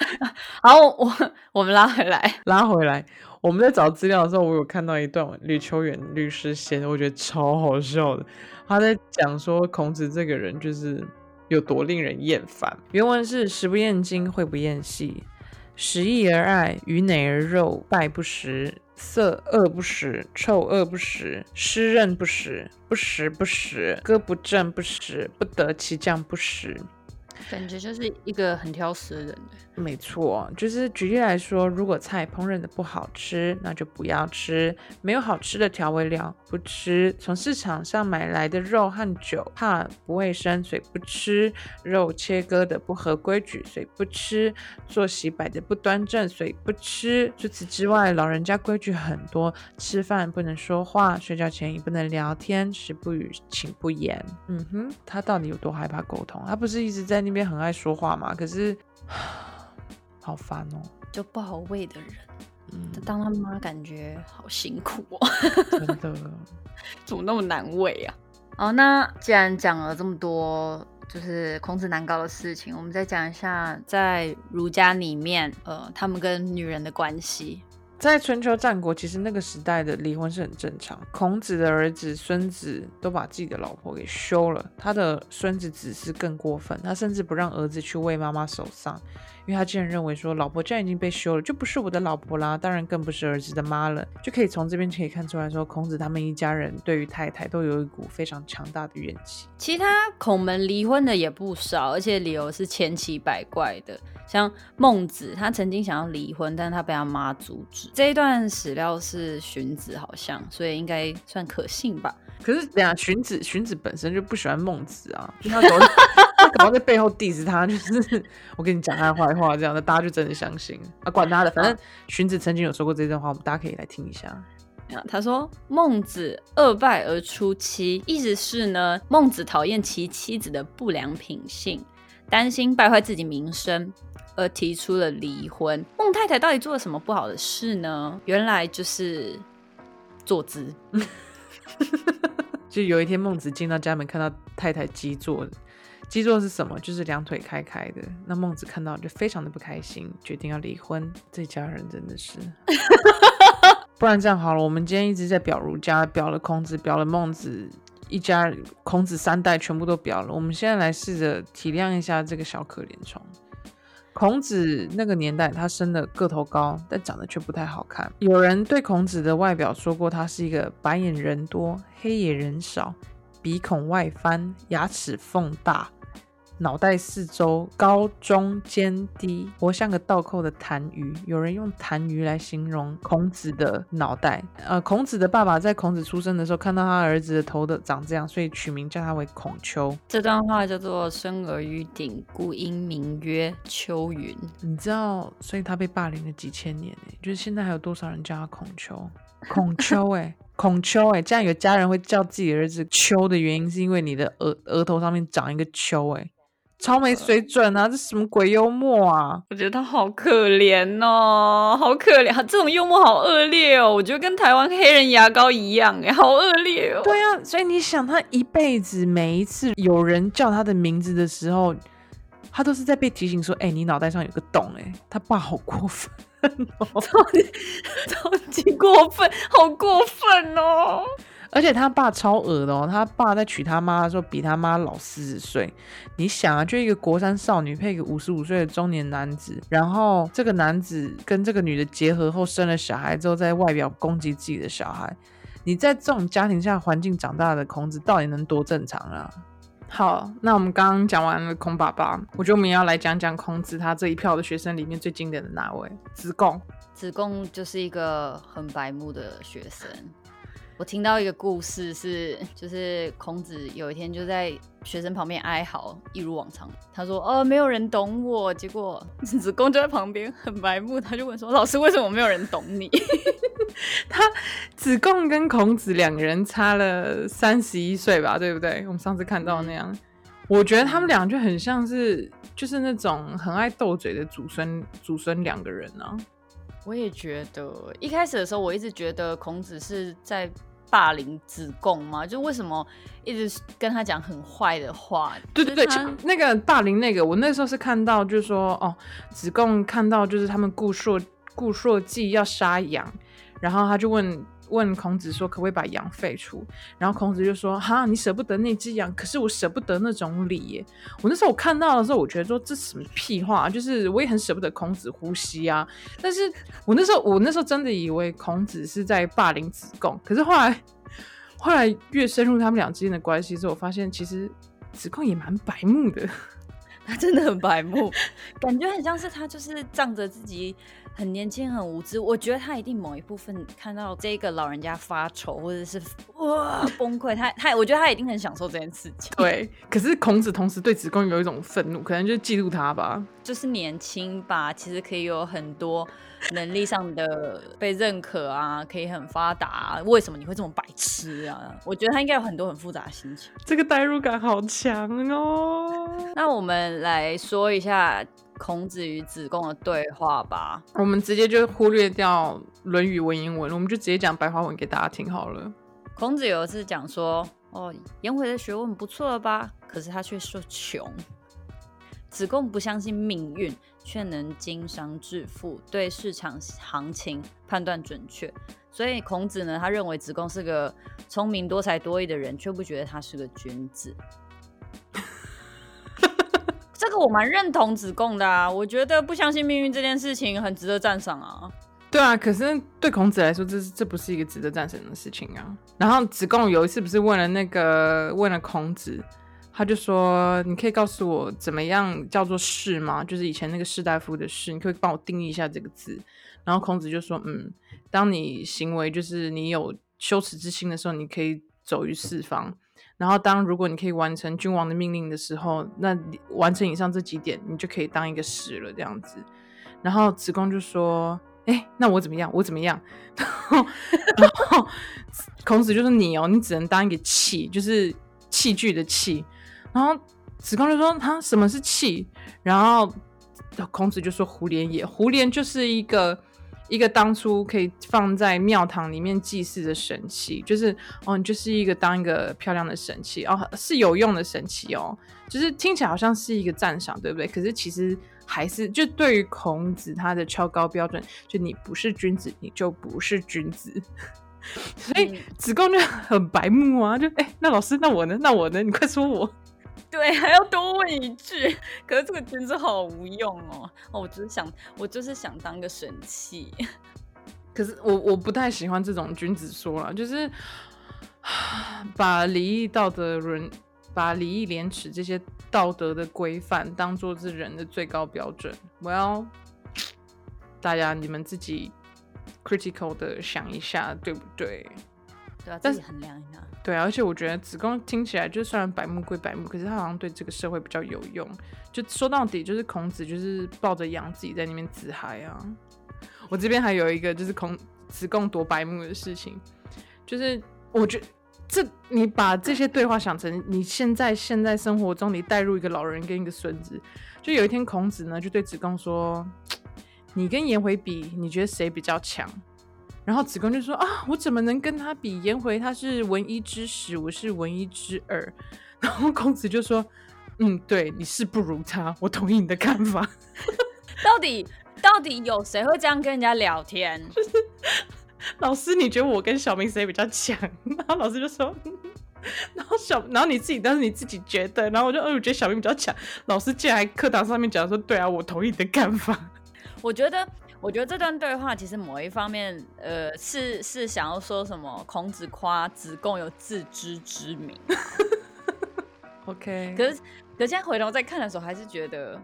好，我我們拉回來，拉回來。我們在找資料的時候，我有看到一段呂秋遠律師寫的，我覺得超好笑的。他在講說孔子這個人就是有多令人厭煩。原文是厭“食不厭精，膾不厭細，食饐而餲，魚餒而肉敗不食。”色惡不食，臭惡不食，失飪不食，不時不食，割不正不食，不得其醬不食。感覺就是一個很挑食的人。沒錯，就是舉例來說，如果菜烹飪的不好吃，那就不要吃；沒有好吃的調味料，不吃；從市場上買來的肉和酒，怕不衛生，所以不吃；肉切割的不合規矩，所以不吃；坐席擺的不端正，所以不吃。除此之外，老人家規矩很多，吃飯不能說話，睡覺前也不能聊天，食不語，寢不言。嗯哼，他到底有多害怕溝通？他不是一直在。那邊很愛說話嘛，可是好煩哦、喔，就不好餵的人，嗯，當他媽感覺好辛苦哦、喔， 真的，怎麼那麼難餵啊？哦，那既然講了這麼多，就是孔子難搞的事情，我們再講一下在儒家裡面，呃，他們跟女人的關係。在春秋戰國，其實那個時代的離婚是很正常。孔子的兒子、孫子都把自己的老婆給休了，他的孫子只是更過分，他甚至不讓兒子去為媽媽守喪，因為他竟然認為說，老婆既然已經被休了，就不是我的老婆啦，當然更不是兒子的媽了。就可以從這邊可以看出來說，孔子他們一家人對於太太都有一股非常強大的怨氣。其他孔門離婚的也不少，而且理由是千奇百怪的。像孟子，他曾經想要離婚，但是他被他媽阻止。這一段史料是荀子，好像，所以應該算可信吧？可是等，等下荀子，荀子本身就不喜歡孟子啊，他搞 他搞在背後 diss 他，就是我跟你講他的壞話這樣，那 大家就真的相信啊？管他的，反正荀子曾經有說過這段話，我們大家可以來聽一下。嗯，他說：“孟子惡敗而出妻，意思是呢，孟子討厭其妻子的不良品性，擔心敗壞自己名聲。”而提出了離婚。孟太太到底做了什麼不好的事呢？原來就是坐姿。 就有一天孟子進到家門，看到太太箕坐的，箕坐是什麼？就是兩腿開開的。那孟子看到就非常的不開心，決定要離婚。這家人真的是， 不然這樣好了。我們今天一直在表儒家，表了孔子，表了孟子，一家孔子三代全部都表了。我們現在來試着體諒一下這個小可憐蟲。孔子那個年代，他生的個頭高，但長得卻不太好看。有人對孔子的外表說過，他是一個白眼人多，黑眼人少，鼻孔外翻，牙齒縫大。腦袋四周高中間低，活像個倒扣的痰盂。有人用痰盂來形容孔子的腦袋。呃，孔子的爸爸在孔子出生的時候看到他兒子的頭的長這樣，所以取名叫他為孔丘。這段話叫做“生而圩頂，故因名曰丘云”。你知道，所以他被霸凌了幾千年哎，就是現在還有多少人叫他孔丘？孔丘，哎， 孔丘，哎，這樣有家人會叫自己兒子丘的原因，是因為你的額額頭上面長一個丘，哎。超沒水準啊！這什麼鬼幽默啊？我覺得他好可憐哦，好可憐！這種幽默好惡劣哦，我覺得跟台灣黑人牙膏一樣哎，好惡劣哦。對啊，所以你想，他一輩子每一次有人叫他的名字的時候，他都是在被提醒說：“哎、欸，你腦袋上有個洞。”哎，他爸好過分哦，超級超級過分，好過分哦。而且他爸超惡的哦，他爸在娶他媽的時候比他媽老四十歲。你想啊，就一個國三少女配一個五十五歲的中年男子，然後這個男子跟這個女的結合後生了小孩之後，在外表攻擊自己的小孩。你在這種家庭下環境長大的孔子，到底能多正常啊？好，那我們剛剛講完了孔爸爸，我覺得我們也要來講講孔子他這一票的學生裡面最經典的哪位？子貢。子貢就是一個很白目的學生。我聽到一個故事是，是就是孔子有一天就在學生旁邊哀嚎，一如往常。他說：“呃、哦，沒有人懂我。”結果子貢就在旁邊很白目，他就問說：“老師，為什麼沒有人懂你？” 他子貢跟孔子兩個人差了三十一歲吧，對不對？我們上次看到那樣，我覺得他們倆就很像是就是那種很愛鬥嘴的祖孫祖孫兩個人呢、啊。我也覺得，一開始的時候我一直覺得孔子是在。霸凌子貢嗎？就為什麼一直跟他講很壞的話？對對對，就是、那個霸凌那個，我那時候是看到，就是說，哦，子貢看到就是他們告朔、告朔祭要殺羊，然後他就問。問孔子說：“可不可以把羊廢除？”然後孔子就說：“哈，你捨不得那隻羊，可是我捨不得那種禮耶。”我那時候我看到的時候，我覺得說這什麼屁話，就是我也很捨不得孔子呼吸啊。但是我那時候我那時候真的以為孔子是在霸凌子貢，可是後來後來越深入他們倆之間的關係之後，我發現其實子貢也蠻白目的，他真的很白目， 感覺很像是他就是仗着自己。很年輕，很無知。我覺得他一定某一部分看到這個老人家發愁，或者是哇崩潰，他他，我覺得他一定很享受這件事情。對，可是孔子同時對子貢有一種憤怒，可能就是嫉妒他吧。就是年輕吧，其實可以有很多能力上的被認可啊，可以很發達啊，為什麼你會這麼白痴啊？我覺得他應該有很多很複雜的心情。這個代入感好強哦。 那我們來說一下。孔子與子貢的對話吧，我們直接就忽略掉《論語》文言文，我們就直接講白話文給大家聽好了。孔子有一次講說：“哦，顏回的學問不錯吧？”可是他卻說窮。子貢不相信命運，卻能經商致富，對市場行情判斷準確，所以孔子呢，他認為子貢是個聰明多才多藝的人，卻不覺得他是個君子。 這個我蠻認同子貢的啊，我覺得不相信命運這件事情很值得讚賞啊。對啊，可是對孔子來說，這是這不是一個值得讚賞的事情啊。然後子貢有一次不是問了那個問了孔子，他就說：“你可以告訴我怎麼樣叫做士嗎？就是以前那個士大夫的士，你可，可以幫我定義一下這個字。”然後孔子就說：“嗯，當你行為就是你有羞恥之心的時候，你可以走於四方。”然後當，當如果你可以完成君王的命令的時候，那完成以上這幾點，你就可以當一個士了，這樣子。然後子貢就說：“哎、欸，那我怎麼樣？我怎麼樣？”然後，然後孔子就是你哦，你只能當一個器，就是器具的器。”然後子貢就說：“他什麼是器？”然後孔子就說：“瑚璉也，瑚璉就是一個。”一個當初可以放在廟堂裡面祭祀的神器，就是哦，你就是一個當一個漂亮的神器哦，是有用的神器哦，就是聽起來好像是一個讚賞，對不對？可是其實還是就對於孔子他的超高標準，就你不是君子，你就不是君子。 所以、嗯、子貢就很白目啊，就哎、欸，那老師，那我呢？那我呢？你快說我。對，還要多問一句。可是這個君子好無用哦。哦，我就是想，我就是想當個神器。可是我我不太喜歡這種君子說啦，就是把禮義道德人，把禮義廉恥這些道德的規範當做是人的最高標準。我、well, 要大家你們自己 critical 的想一下，對不對？對、啊，但是很亮，你看。對、啊，而且我覺得子貢聽起來，就是雖然白目歸白目，可是他好像對這個社會比較有用。就說到底，就是孔子就是抱着養自己在那邊自嗨啊、嗯。我這邊還有一個就是孔子貢奪白目的事情，就是我覺得這你把這些對話想成你現在現在生活中，你帶入一個老人跟一個孫子，就有一天孔子呢就對子貢說：“你跟顏回比，你覺得誰比較強？”然後子貢就說：“啊，我怎麼能跟他比？顏回他是聞一知十，我是聞一知二。”然後孔子就說：“嗯，對，你是不如他，我同意你的看法。”到底到底有誰會這樣跟人家聊天？就是老師，你覺得我跟小明誰比較強？然後老師就說：“然後小然後你自己，但是你自己覺得，然後我就嗯、哎，我覺得小明比較強。老師竟然在課堂上面講說：對啊，我同意你的看法。”我覺得。我覺得這段對話其實某一方面，呃，是是想要說什麼？孔子誇子貢有自知之明啊。 OK，可是可是現在回頭再看的時候，還是覺得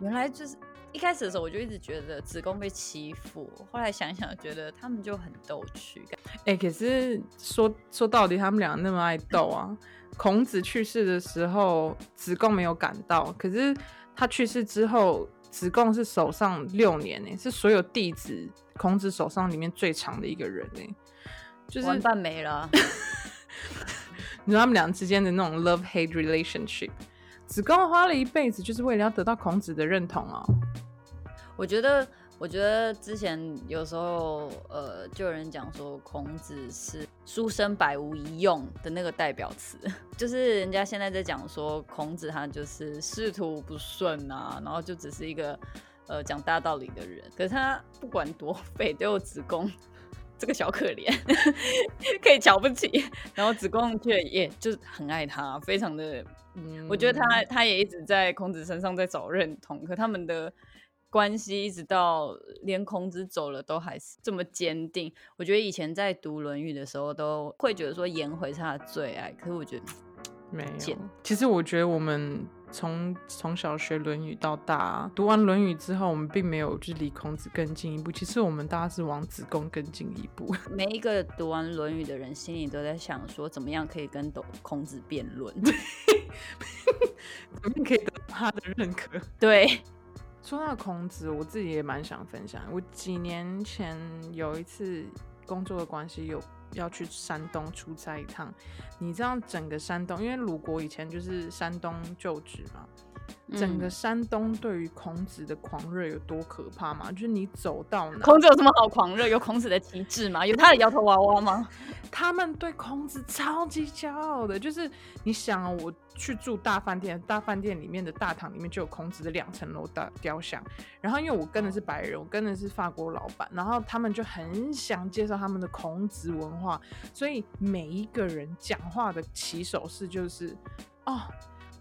原來就是一開始的時候，我就一直覺得子貢被欺負，後來想想覺得他們就很逗趣。哎、欸，可是說說到底，他們倆那麼愛逗啊！ 孔子去世的時候，子貢沒有趕到，可是他去世之後。子貢是守喪六年呢、欸，是所有弟子孔子守喪裡面最長的一個人呢、欸，就是完蛋沒了。 你知道他們倆之間的那種 love hate relationship，子貢花了一輩子就是為了要得到孔子的認同哦、喔。我覺得。我覺得之前有時候，呃，就有人講說孔子是書生百無一用的那個代表詞，就是人家現在在講說孔子他就是仕途不順啊，然後就只是一個呃講大道理的人。可是他不管多廢，都有子貢這個小可憐 可以瞧不起，然後子貢卻也就很愛他，非常的，我覺得他他也一直在孔子身上在找認同，可他們的。關係一直到連孔子走了都還是這麼堅定。我覺得以前在讀《論語》的時候，都會覺得說顏回是他的最愛。可是我覺得沒有堅。其實我覺得我們從從小學《論語》到大，讀完《論語》之後，我們並沒有就是離孔子更進一步。其實我們大家是往子貢更進一步。每一個讀完《論語》的人心裡都在想說，怎麼樣可以跟董孔子辯論，怎麼 可以得到他的認可？對。說到孔子，我自己也蠻想分享。我幾年前有一次工作的關係，有要去山東出差一趟。你知道整個山東，因為魯國以前就是山東舊址嘛。整個山東對於孔子的狂熱有多可怕嘛、嗯？就是你走到哪，孔子有什麼好狂熱？有孔子的旗幟嗎？有他的搖頭娃娃嗎？ 他們對孔子超級驕傲的，就是你想啊，我去住大飯店，大飯店裡面的大堂裡面就有孔子的兩層樓的雕像。然後因為我跟的是白人，我跟的是法國老闆，然後他們就很想介紹他們的孔子文化，所以每一個人講話的起手式就是哦。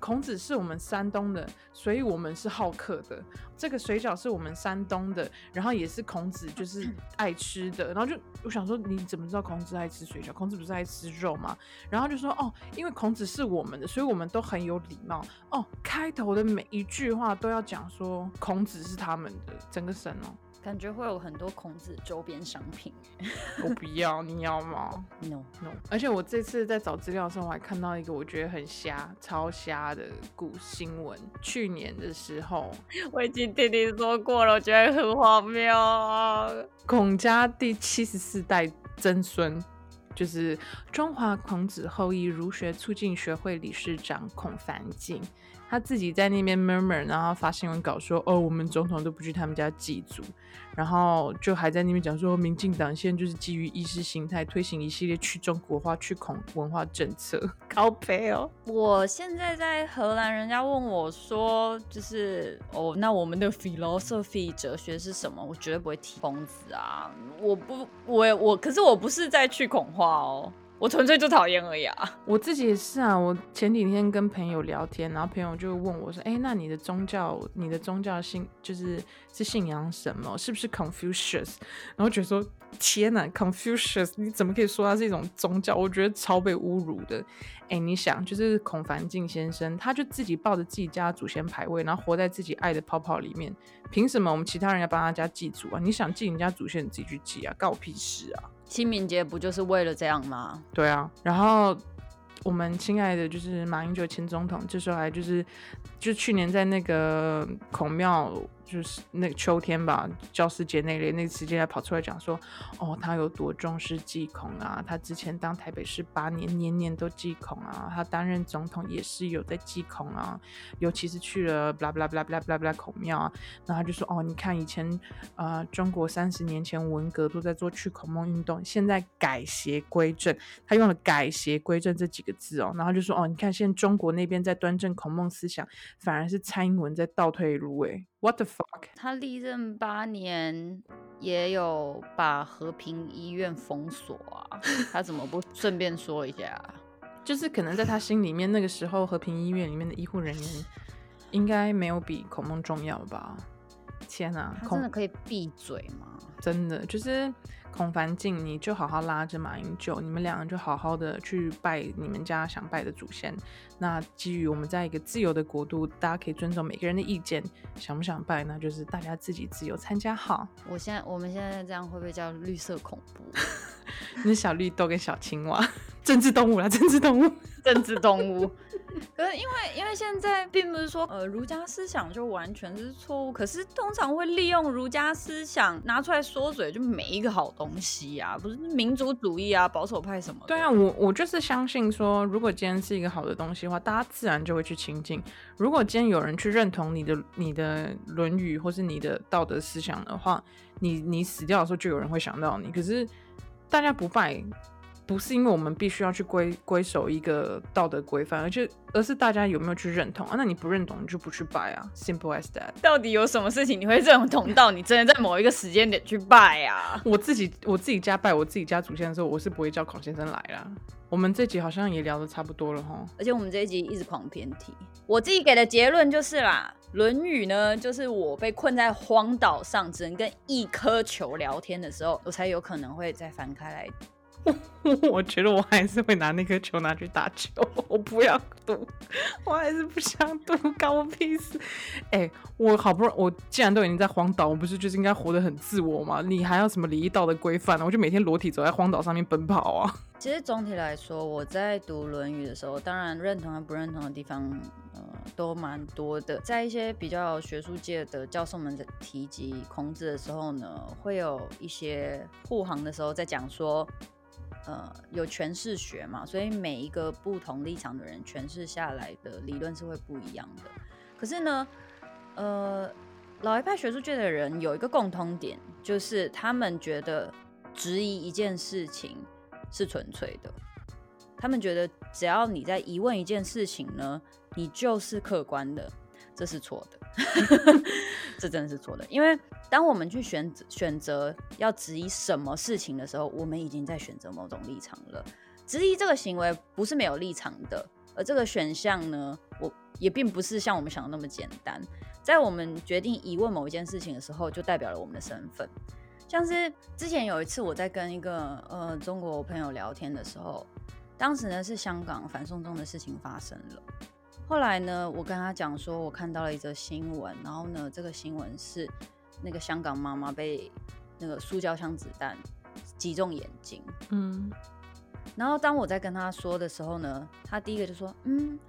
孔子是我們山東的，所以我們是好客的。這個水餃是我們山東的，然後也是孔子就是愛吃的。然後就我想說，你怎麼知道孔子愛吃水餃？孔子不是愛吃肉嗎？然後就說哦，因為孔子是我們的，所以我們都很有禮貌。哦，開頭的每一句話都要講說孔子是他們的，整個神哦。感覺會有很多孔子周邊商品， 我不要，你要嗎？No No。而且我這次在找資料的時候，我還看到一個我覺得很瞎、超瞎的古新聞。去年的時候，我已經聽你說過了，我覺得很荒謬啊。孔家第七十四代曾孫，就是中華孔子後裔儒學促進學會理事長孔繁景。他自己在那邊 murmur，然後發新聞稿說，哦，我們總統都不去他們家祭祖，然後就還在那邊講說，民進黨現在就是基於意識形態推行一系列去中國化、去孔文化政策。高配哦，我現在在荷蘭，人家問我說，就是哦，那我們的 philosophy 哲學是什麼？我絕對不會提孔子啊，我不，我也我，可是我不是在去孔化哦。我純粹就討厭而已啊！我自己也是啊。我前幾天跟朋友聊天，然後朋友就問我說：“哎、欸，那你的宗教，你的宗教信就是是信仰什麼？是不是 Confucius？” 然後覺得說：“天哪、啊，Confucius，你怎麼可以說它是一種宗教？我覺得超被侮辱的。哎、欸，你想，就是孔凡進先生，他就自己抱着自己家祖先牌位，然後活在自己愛的泡泡裡面，憑什麼我們其他人要幫他家祭祖啊？你想祭人家祖先，你自己去祭啊，幹我屁事啊！”清明節不就是為了這樣嗎？對啊，然後我們親愛的，就是馬英九前總統，這時候還就是，就去年在那個孔廟。就是那個秋天吧，教師節那類那個時間，還跑出來講說，哦，他有多重視祭孔啊？他之前當台北市八年，年年都祭孔啊。他擔任總統也是有在祭孔啊，尤其是去了，啦啦啦啦啦啦啦孔廟啊。然後他就說，哦，你看以前，啊、呃，中國三十年前文革都在做去孔孟運動，現在改邪歸正，他用了“改邪歸正”這幾個字哦。然後他就說，哦，你看現在中國那邊在端正孔孟思想，反而是蔡英文在倒退嚕耶。What the fuck？他歷任八年，也有把和平醫院封鎖啊？他怎麼不順便說一下啊？就是可能在他心裡面，那個時候和平醫院裡面的醫護人員應該沒有比孔孟重要吧？天哪啊！他真的可以閉嘴嗎？真的就是。孔凡靜，你就好好拉着馬英九，你們兩個就好好的去拜你們家想拜的祖先。那基於我們在一個自由的國度，大家可以尊重每個人的意見，想不想拜，那就是大家自己自由參加好。我現在我們現在這樣會不會叫綠色恐怖？你 是小綠豆跟小青蛙，政治動物啦，政治動物， 政治動物。 可是因為因為現在並不是說呃儒家思想就完全是錯誤，可是通常會利用儒家思想拿出來說嘴就每一個好東。東西啊，不是民族主義啊，保守派什麼的。對啊，我我就是相信說，如果今天是一個好的東西的話，大家自然就會去親近。如果今天有人去認同你的你的《論語》或是你的道德思想的話，你你死掉的時候就有人會想到你。可是大家不拜。不是因為我們必須要去歸歸守一個道德規範，而且而是大家有沒有去認同啊？那你不認同，你就不去拜啊。Simple as that。到底有什麼事情你會認同到你真的在某一個時間點去拜啊？ 我自己我自己家拜我自己家祖先的時候，我是不會叫孔先生來啦。我們這集好像也聊得差不多了哈，而且我們這一集一直狂偏題。我自己給的結論就是啦，《論語》呢，就是我被困在荒島上，只能跟一顆球聊天的時候，我才有可能會再翻開來。 我覺得我還是會拿那顆球拿去打球，我不要讀，我還是不想讀，搞屁事！哎，我好不容易，我既然都已經在荒島，我不是就是應該活得很自我嗎？你還要什麼禮儀道德規範呢？我就每天裸體走在荒島上面奔跑啊！其實總體來說，我在讀《論語》的時候，當然認同和不認同的地方，呃，都蠻多的。在一些比較學術界的教授們在提及孔子的時候呢，會有一些護航的時候在講說。呃，有詮釋學嘛，所以每一個不同立場的人詮釋下來的理論是會不一樣的。可是呢，呃，老一派學術界的人有一個共通點，就是他們覺得質疑一件事情是純粹的，他們覺得只要你在疑問一件事情呢，你就是客觀的，這是錯的。 這真的是錯的，因為當我們去選選擇要質疑什麼事情的時候，我們已經在選擇某種立場了。質疑這個行為不是沒有立場的，而這個選項呢，我也並不是像我們想的那麼簡單。在我們決定疑問某一件事情的時候，就代表了我們的身份。像是之前有一次我在跟一個呃中國朋友聊天的時候，當時呢是香港反送中的事情發生了。後來呢，我跟他講說，我看到了一則新聞，然後呢，這個新聞是那個香港媽媽被那個塑膠槍子彈擊中眼睛，嗯，然後當我在跟他說的時候呢，他第一個就說，嗯，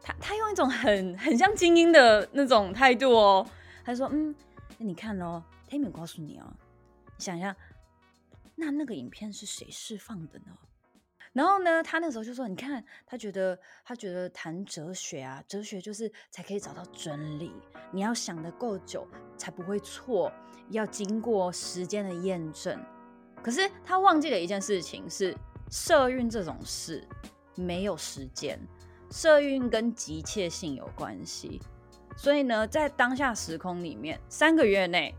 他他用一種很很像精英的那種態度哦、喔，他說，嗯，那你看哦，他有沒有告訴你哦，你想一下，那那個影片是誰釋放的呢？然後呢，他那時候就說：“你看，他覺得他覺得談哲學啊，哲學就是才可以找到真理。你要想得夠久，才不會錯，要經過時間的驗證。可是他忘記了一件事情是，是社運這種事沒有時間，社運跟急切性有關係。所以呢，在當下時空裡面，三個月內，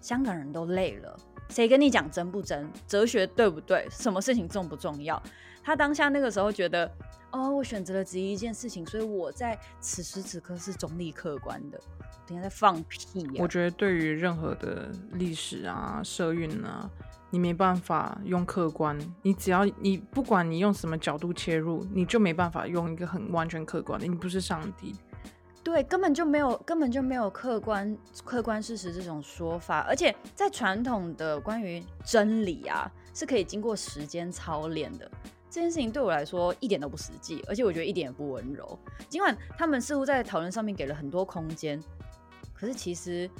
香港人都累了。誰跟你講真不真，哲學對不對，什麼事情重不重要？”他當下那個時候覺得，哦，我選擇了只一件事情，所以我在此時此刻是中立客觀的。等下在放屁，啊、我覺得對於任何的歷史啊、社運啊，你沒辦法用客觀，你只要你不管你用什麼角度切入，你就沒辦法用一個很完全客觀的。你不是上帝，對，根本就沒有根本就沒有客觀客觀事實這種說法。而且在傳統的關於真理啊，是可以經過時間操練的。這件事情對我來說一點都不實際，而且我覺得一點也不溫柔。儘管他們似乎在討論上面給了很多空間，可是其實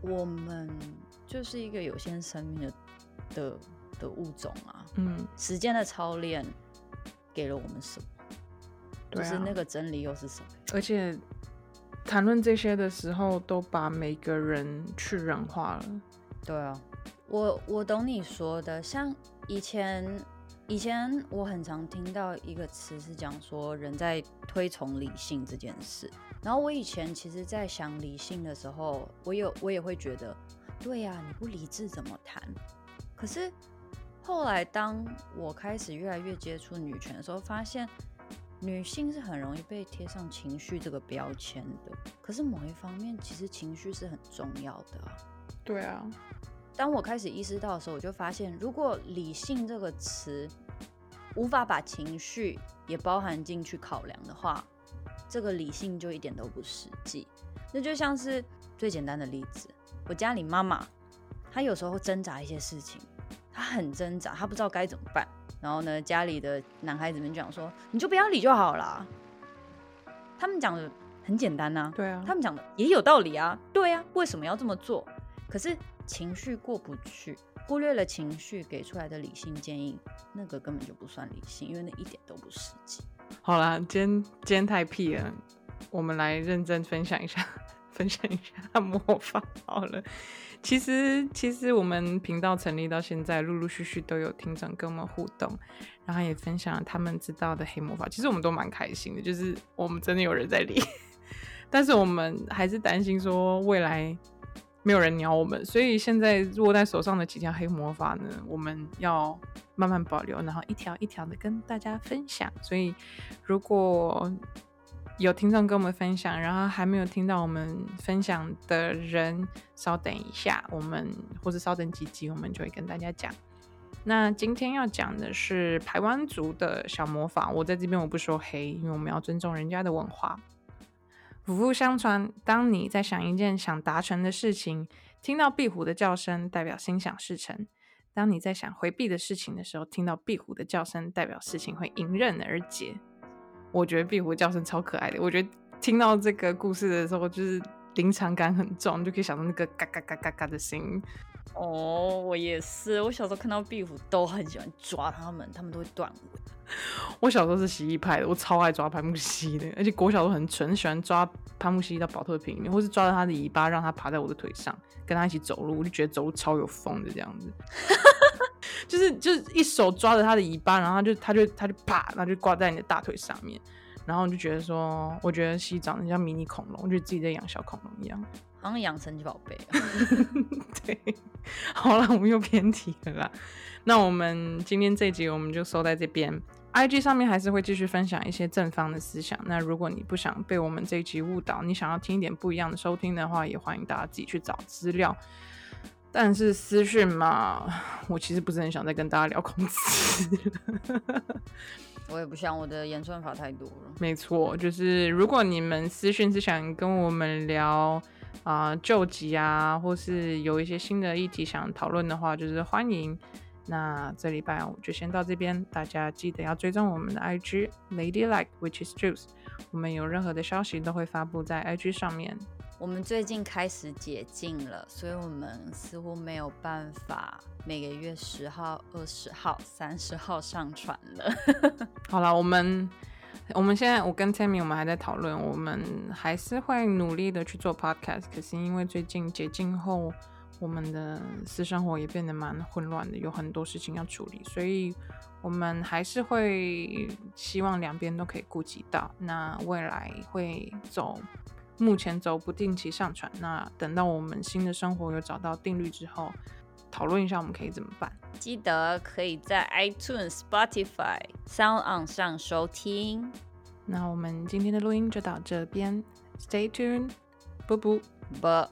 我們就是一個有限生命的的的物種啊。嗯，時間的操練給了我們什麼？對啊，就是那個真理又是什麼？而且談論這些的時候，都把每個人去人化了。對啊，我我懂你說的，像以前。以前我很常聽到一個詞是講說人在推崇理性這件事，然後我以前其實，在想理性的時候我也，我有我也會覺得，對呀，你不理智怎麼談？可是後來當我開始越來越接觸女權的時候，發現女性是很容易被貼上情緒這個標籤的。可是某一方面，其實情緒是很重要的。對啊。當我開始意識到的時候，我就發現，如果理性這個詞無法把情緒也包含進去考量的話，這個理性就一點都不實際。那就像是最簡單的例子，我家裡媽媽，她有時候會掙扎一些事情，她很掙扎，她不知道該怎麼辦。然後呢，家裡的男孩子們講說，你就不要理就好了。他們講的很簡單吶，啊，對啊，他們講的也有道理啊，對啊，為什麼要這麼做？可是。情緒過不去，忽略了情緒給出來的理性建議，那個根本就不算理性，因為那一點都不實際。好了，今天今天太屁了，我們來認真分享一下，分享一下魔法好了。其實其實我們頻道成立到現在，陸陸續續都有聽眾跟我們互動，然後也分享了他們知道的黑魔法，其實我們都蠻開心的，就是我們真的有人在理。但是我們還是擔心說未來。沒有人鳥我們，所以現在握在手上的幾條黑魔法呢，我們要慢慢保留，然後一條一條的跟大家分享。所以如果有聽眾跟我們分享，然後還沒有聽到我們分享的人，稍等一下，我們或是稍等幾集，我們就會跟大家講。那今天要講的是排灣族的小魔法，我在這邊我不說黑，因為我們要尊重人家的文化。祖祖相傳，當你在想一件想達成的事情，聽到壁虎的叫聲，代表心想事成；當你在想回避的事情的時候，聽到壁虎的叫聲，代表事情會迎刃而解。我覺得壁虎的叫聲超可愛的，我覺得聽到這個故事的時候，就是臨場感很重，就可以想到那個嘎嘎嘎嘎嘎的聲音。哦、oh，我也是。我小時候看到壁虎，都很喜歡抓它們，它們都會斷尾。我小時候是蜥蜴派的，我超愛抓潘木蜥的，而且國小都很蠢，喜歡抓潘木蜥到寶特瓶裡面，或是抓著它的尾巴讓它爬在我的腿上，跟它一起走路，我就覺得走路超有風的這樣子。 就是就是一手抓着它的尾巴，然後他就它就它就,就啪，然後就掛在你的大腿上面，然後我就覺得說，我覺得蜥蜴長得像迷你恐龍，我覺得自己在養小恐龍一樣。剛養神奇寶貝。 對，好了，我們又偏題了。那我們今天這一集我們就收在這邊。IG 上面還是會繼續分享一些正方的思想。那如果你不想被我們這一集誤導，你想要聽一點不一樣的收聽的話，也歡迎大家自己去找資料。但是私訊嘛，我其實不是很想再跟大家聊公司。 我也不想我的演算法太多了。沒錯，就是如果你們私訊是想跟我們聊，啊、呃，救急啊，或是有一些新的議題想討論的話，就是歡迎。那這禮拜我們就先到這邊，大家記得要追蹤我們的 IG Ladylike Witches Juice，我們有任何的消息都會發布在 IG 上面。我們最近開始解禁了，所以我們似乎沒有辦法每個月十號、二十號、三十號上傳了。 好了，我們。我們現在，我跟 Tammy 我們還在討論，我們還是會努力的去做 Podcast。可是因為最近解禁後，我們的私生活也變得蠻混亂的，有很多事情要處理，所以我們還是會希望兩邊都可以顧及到。那未來會走，目前走不定期上傳。那等到我們新的生活有找到定律之後。討論一下我們可以怎麼辦。記得可以在 iTunes、Spotify、SoundOn 上收聽。那我們今天的錄音就到這邊，Stay tuned，啵啵啵。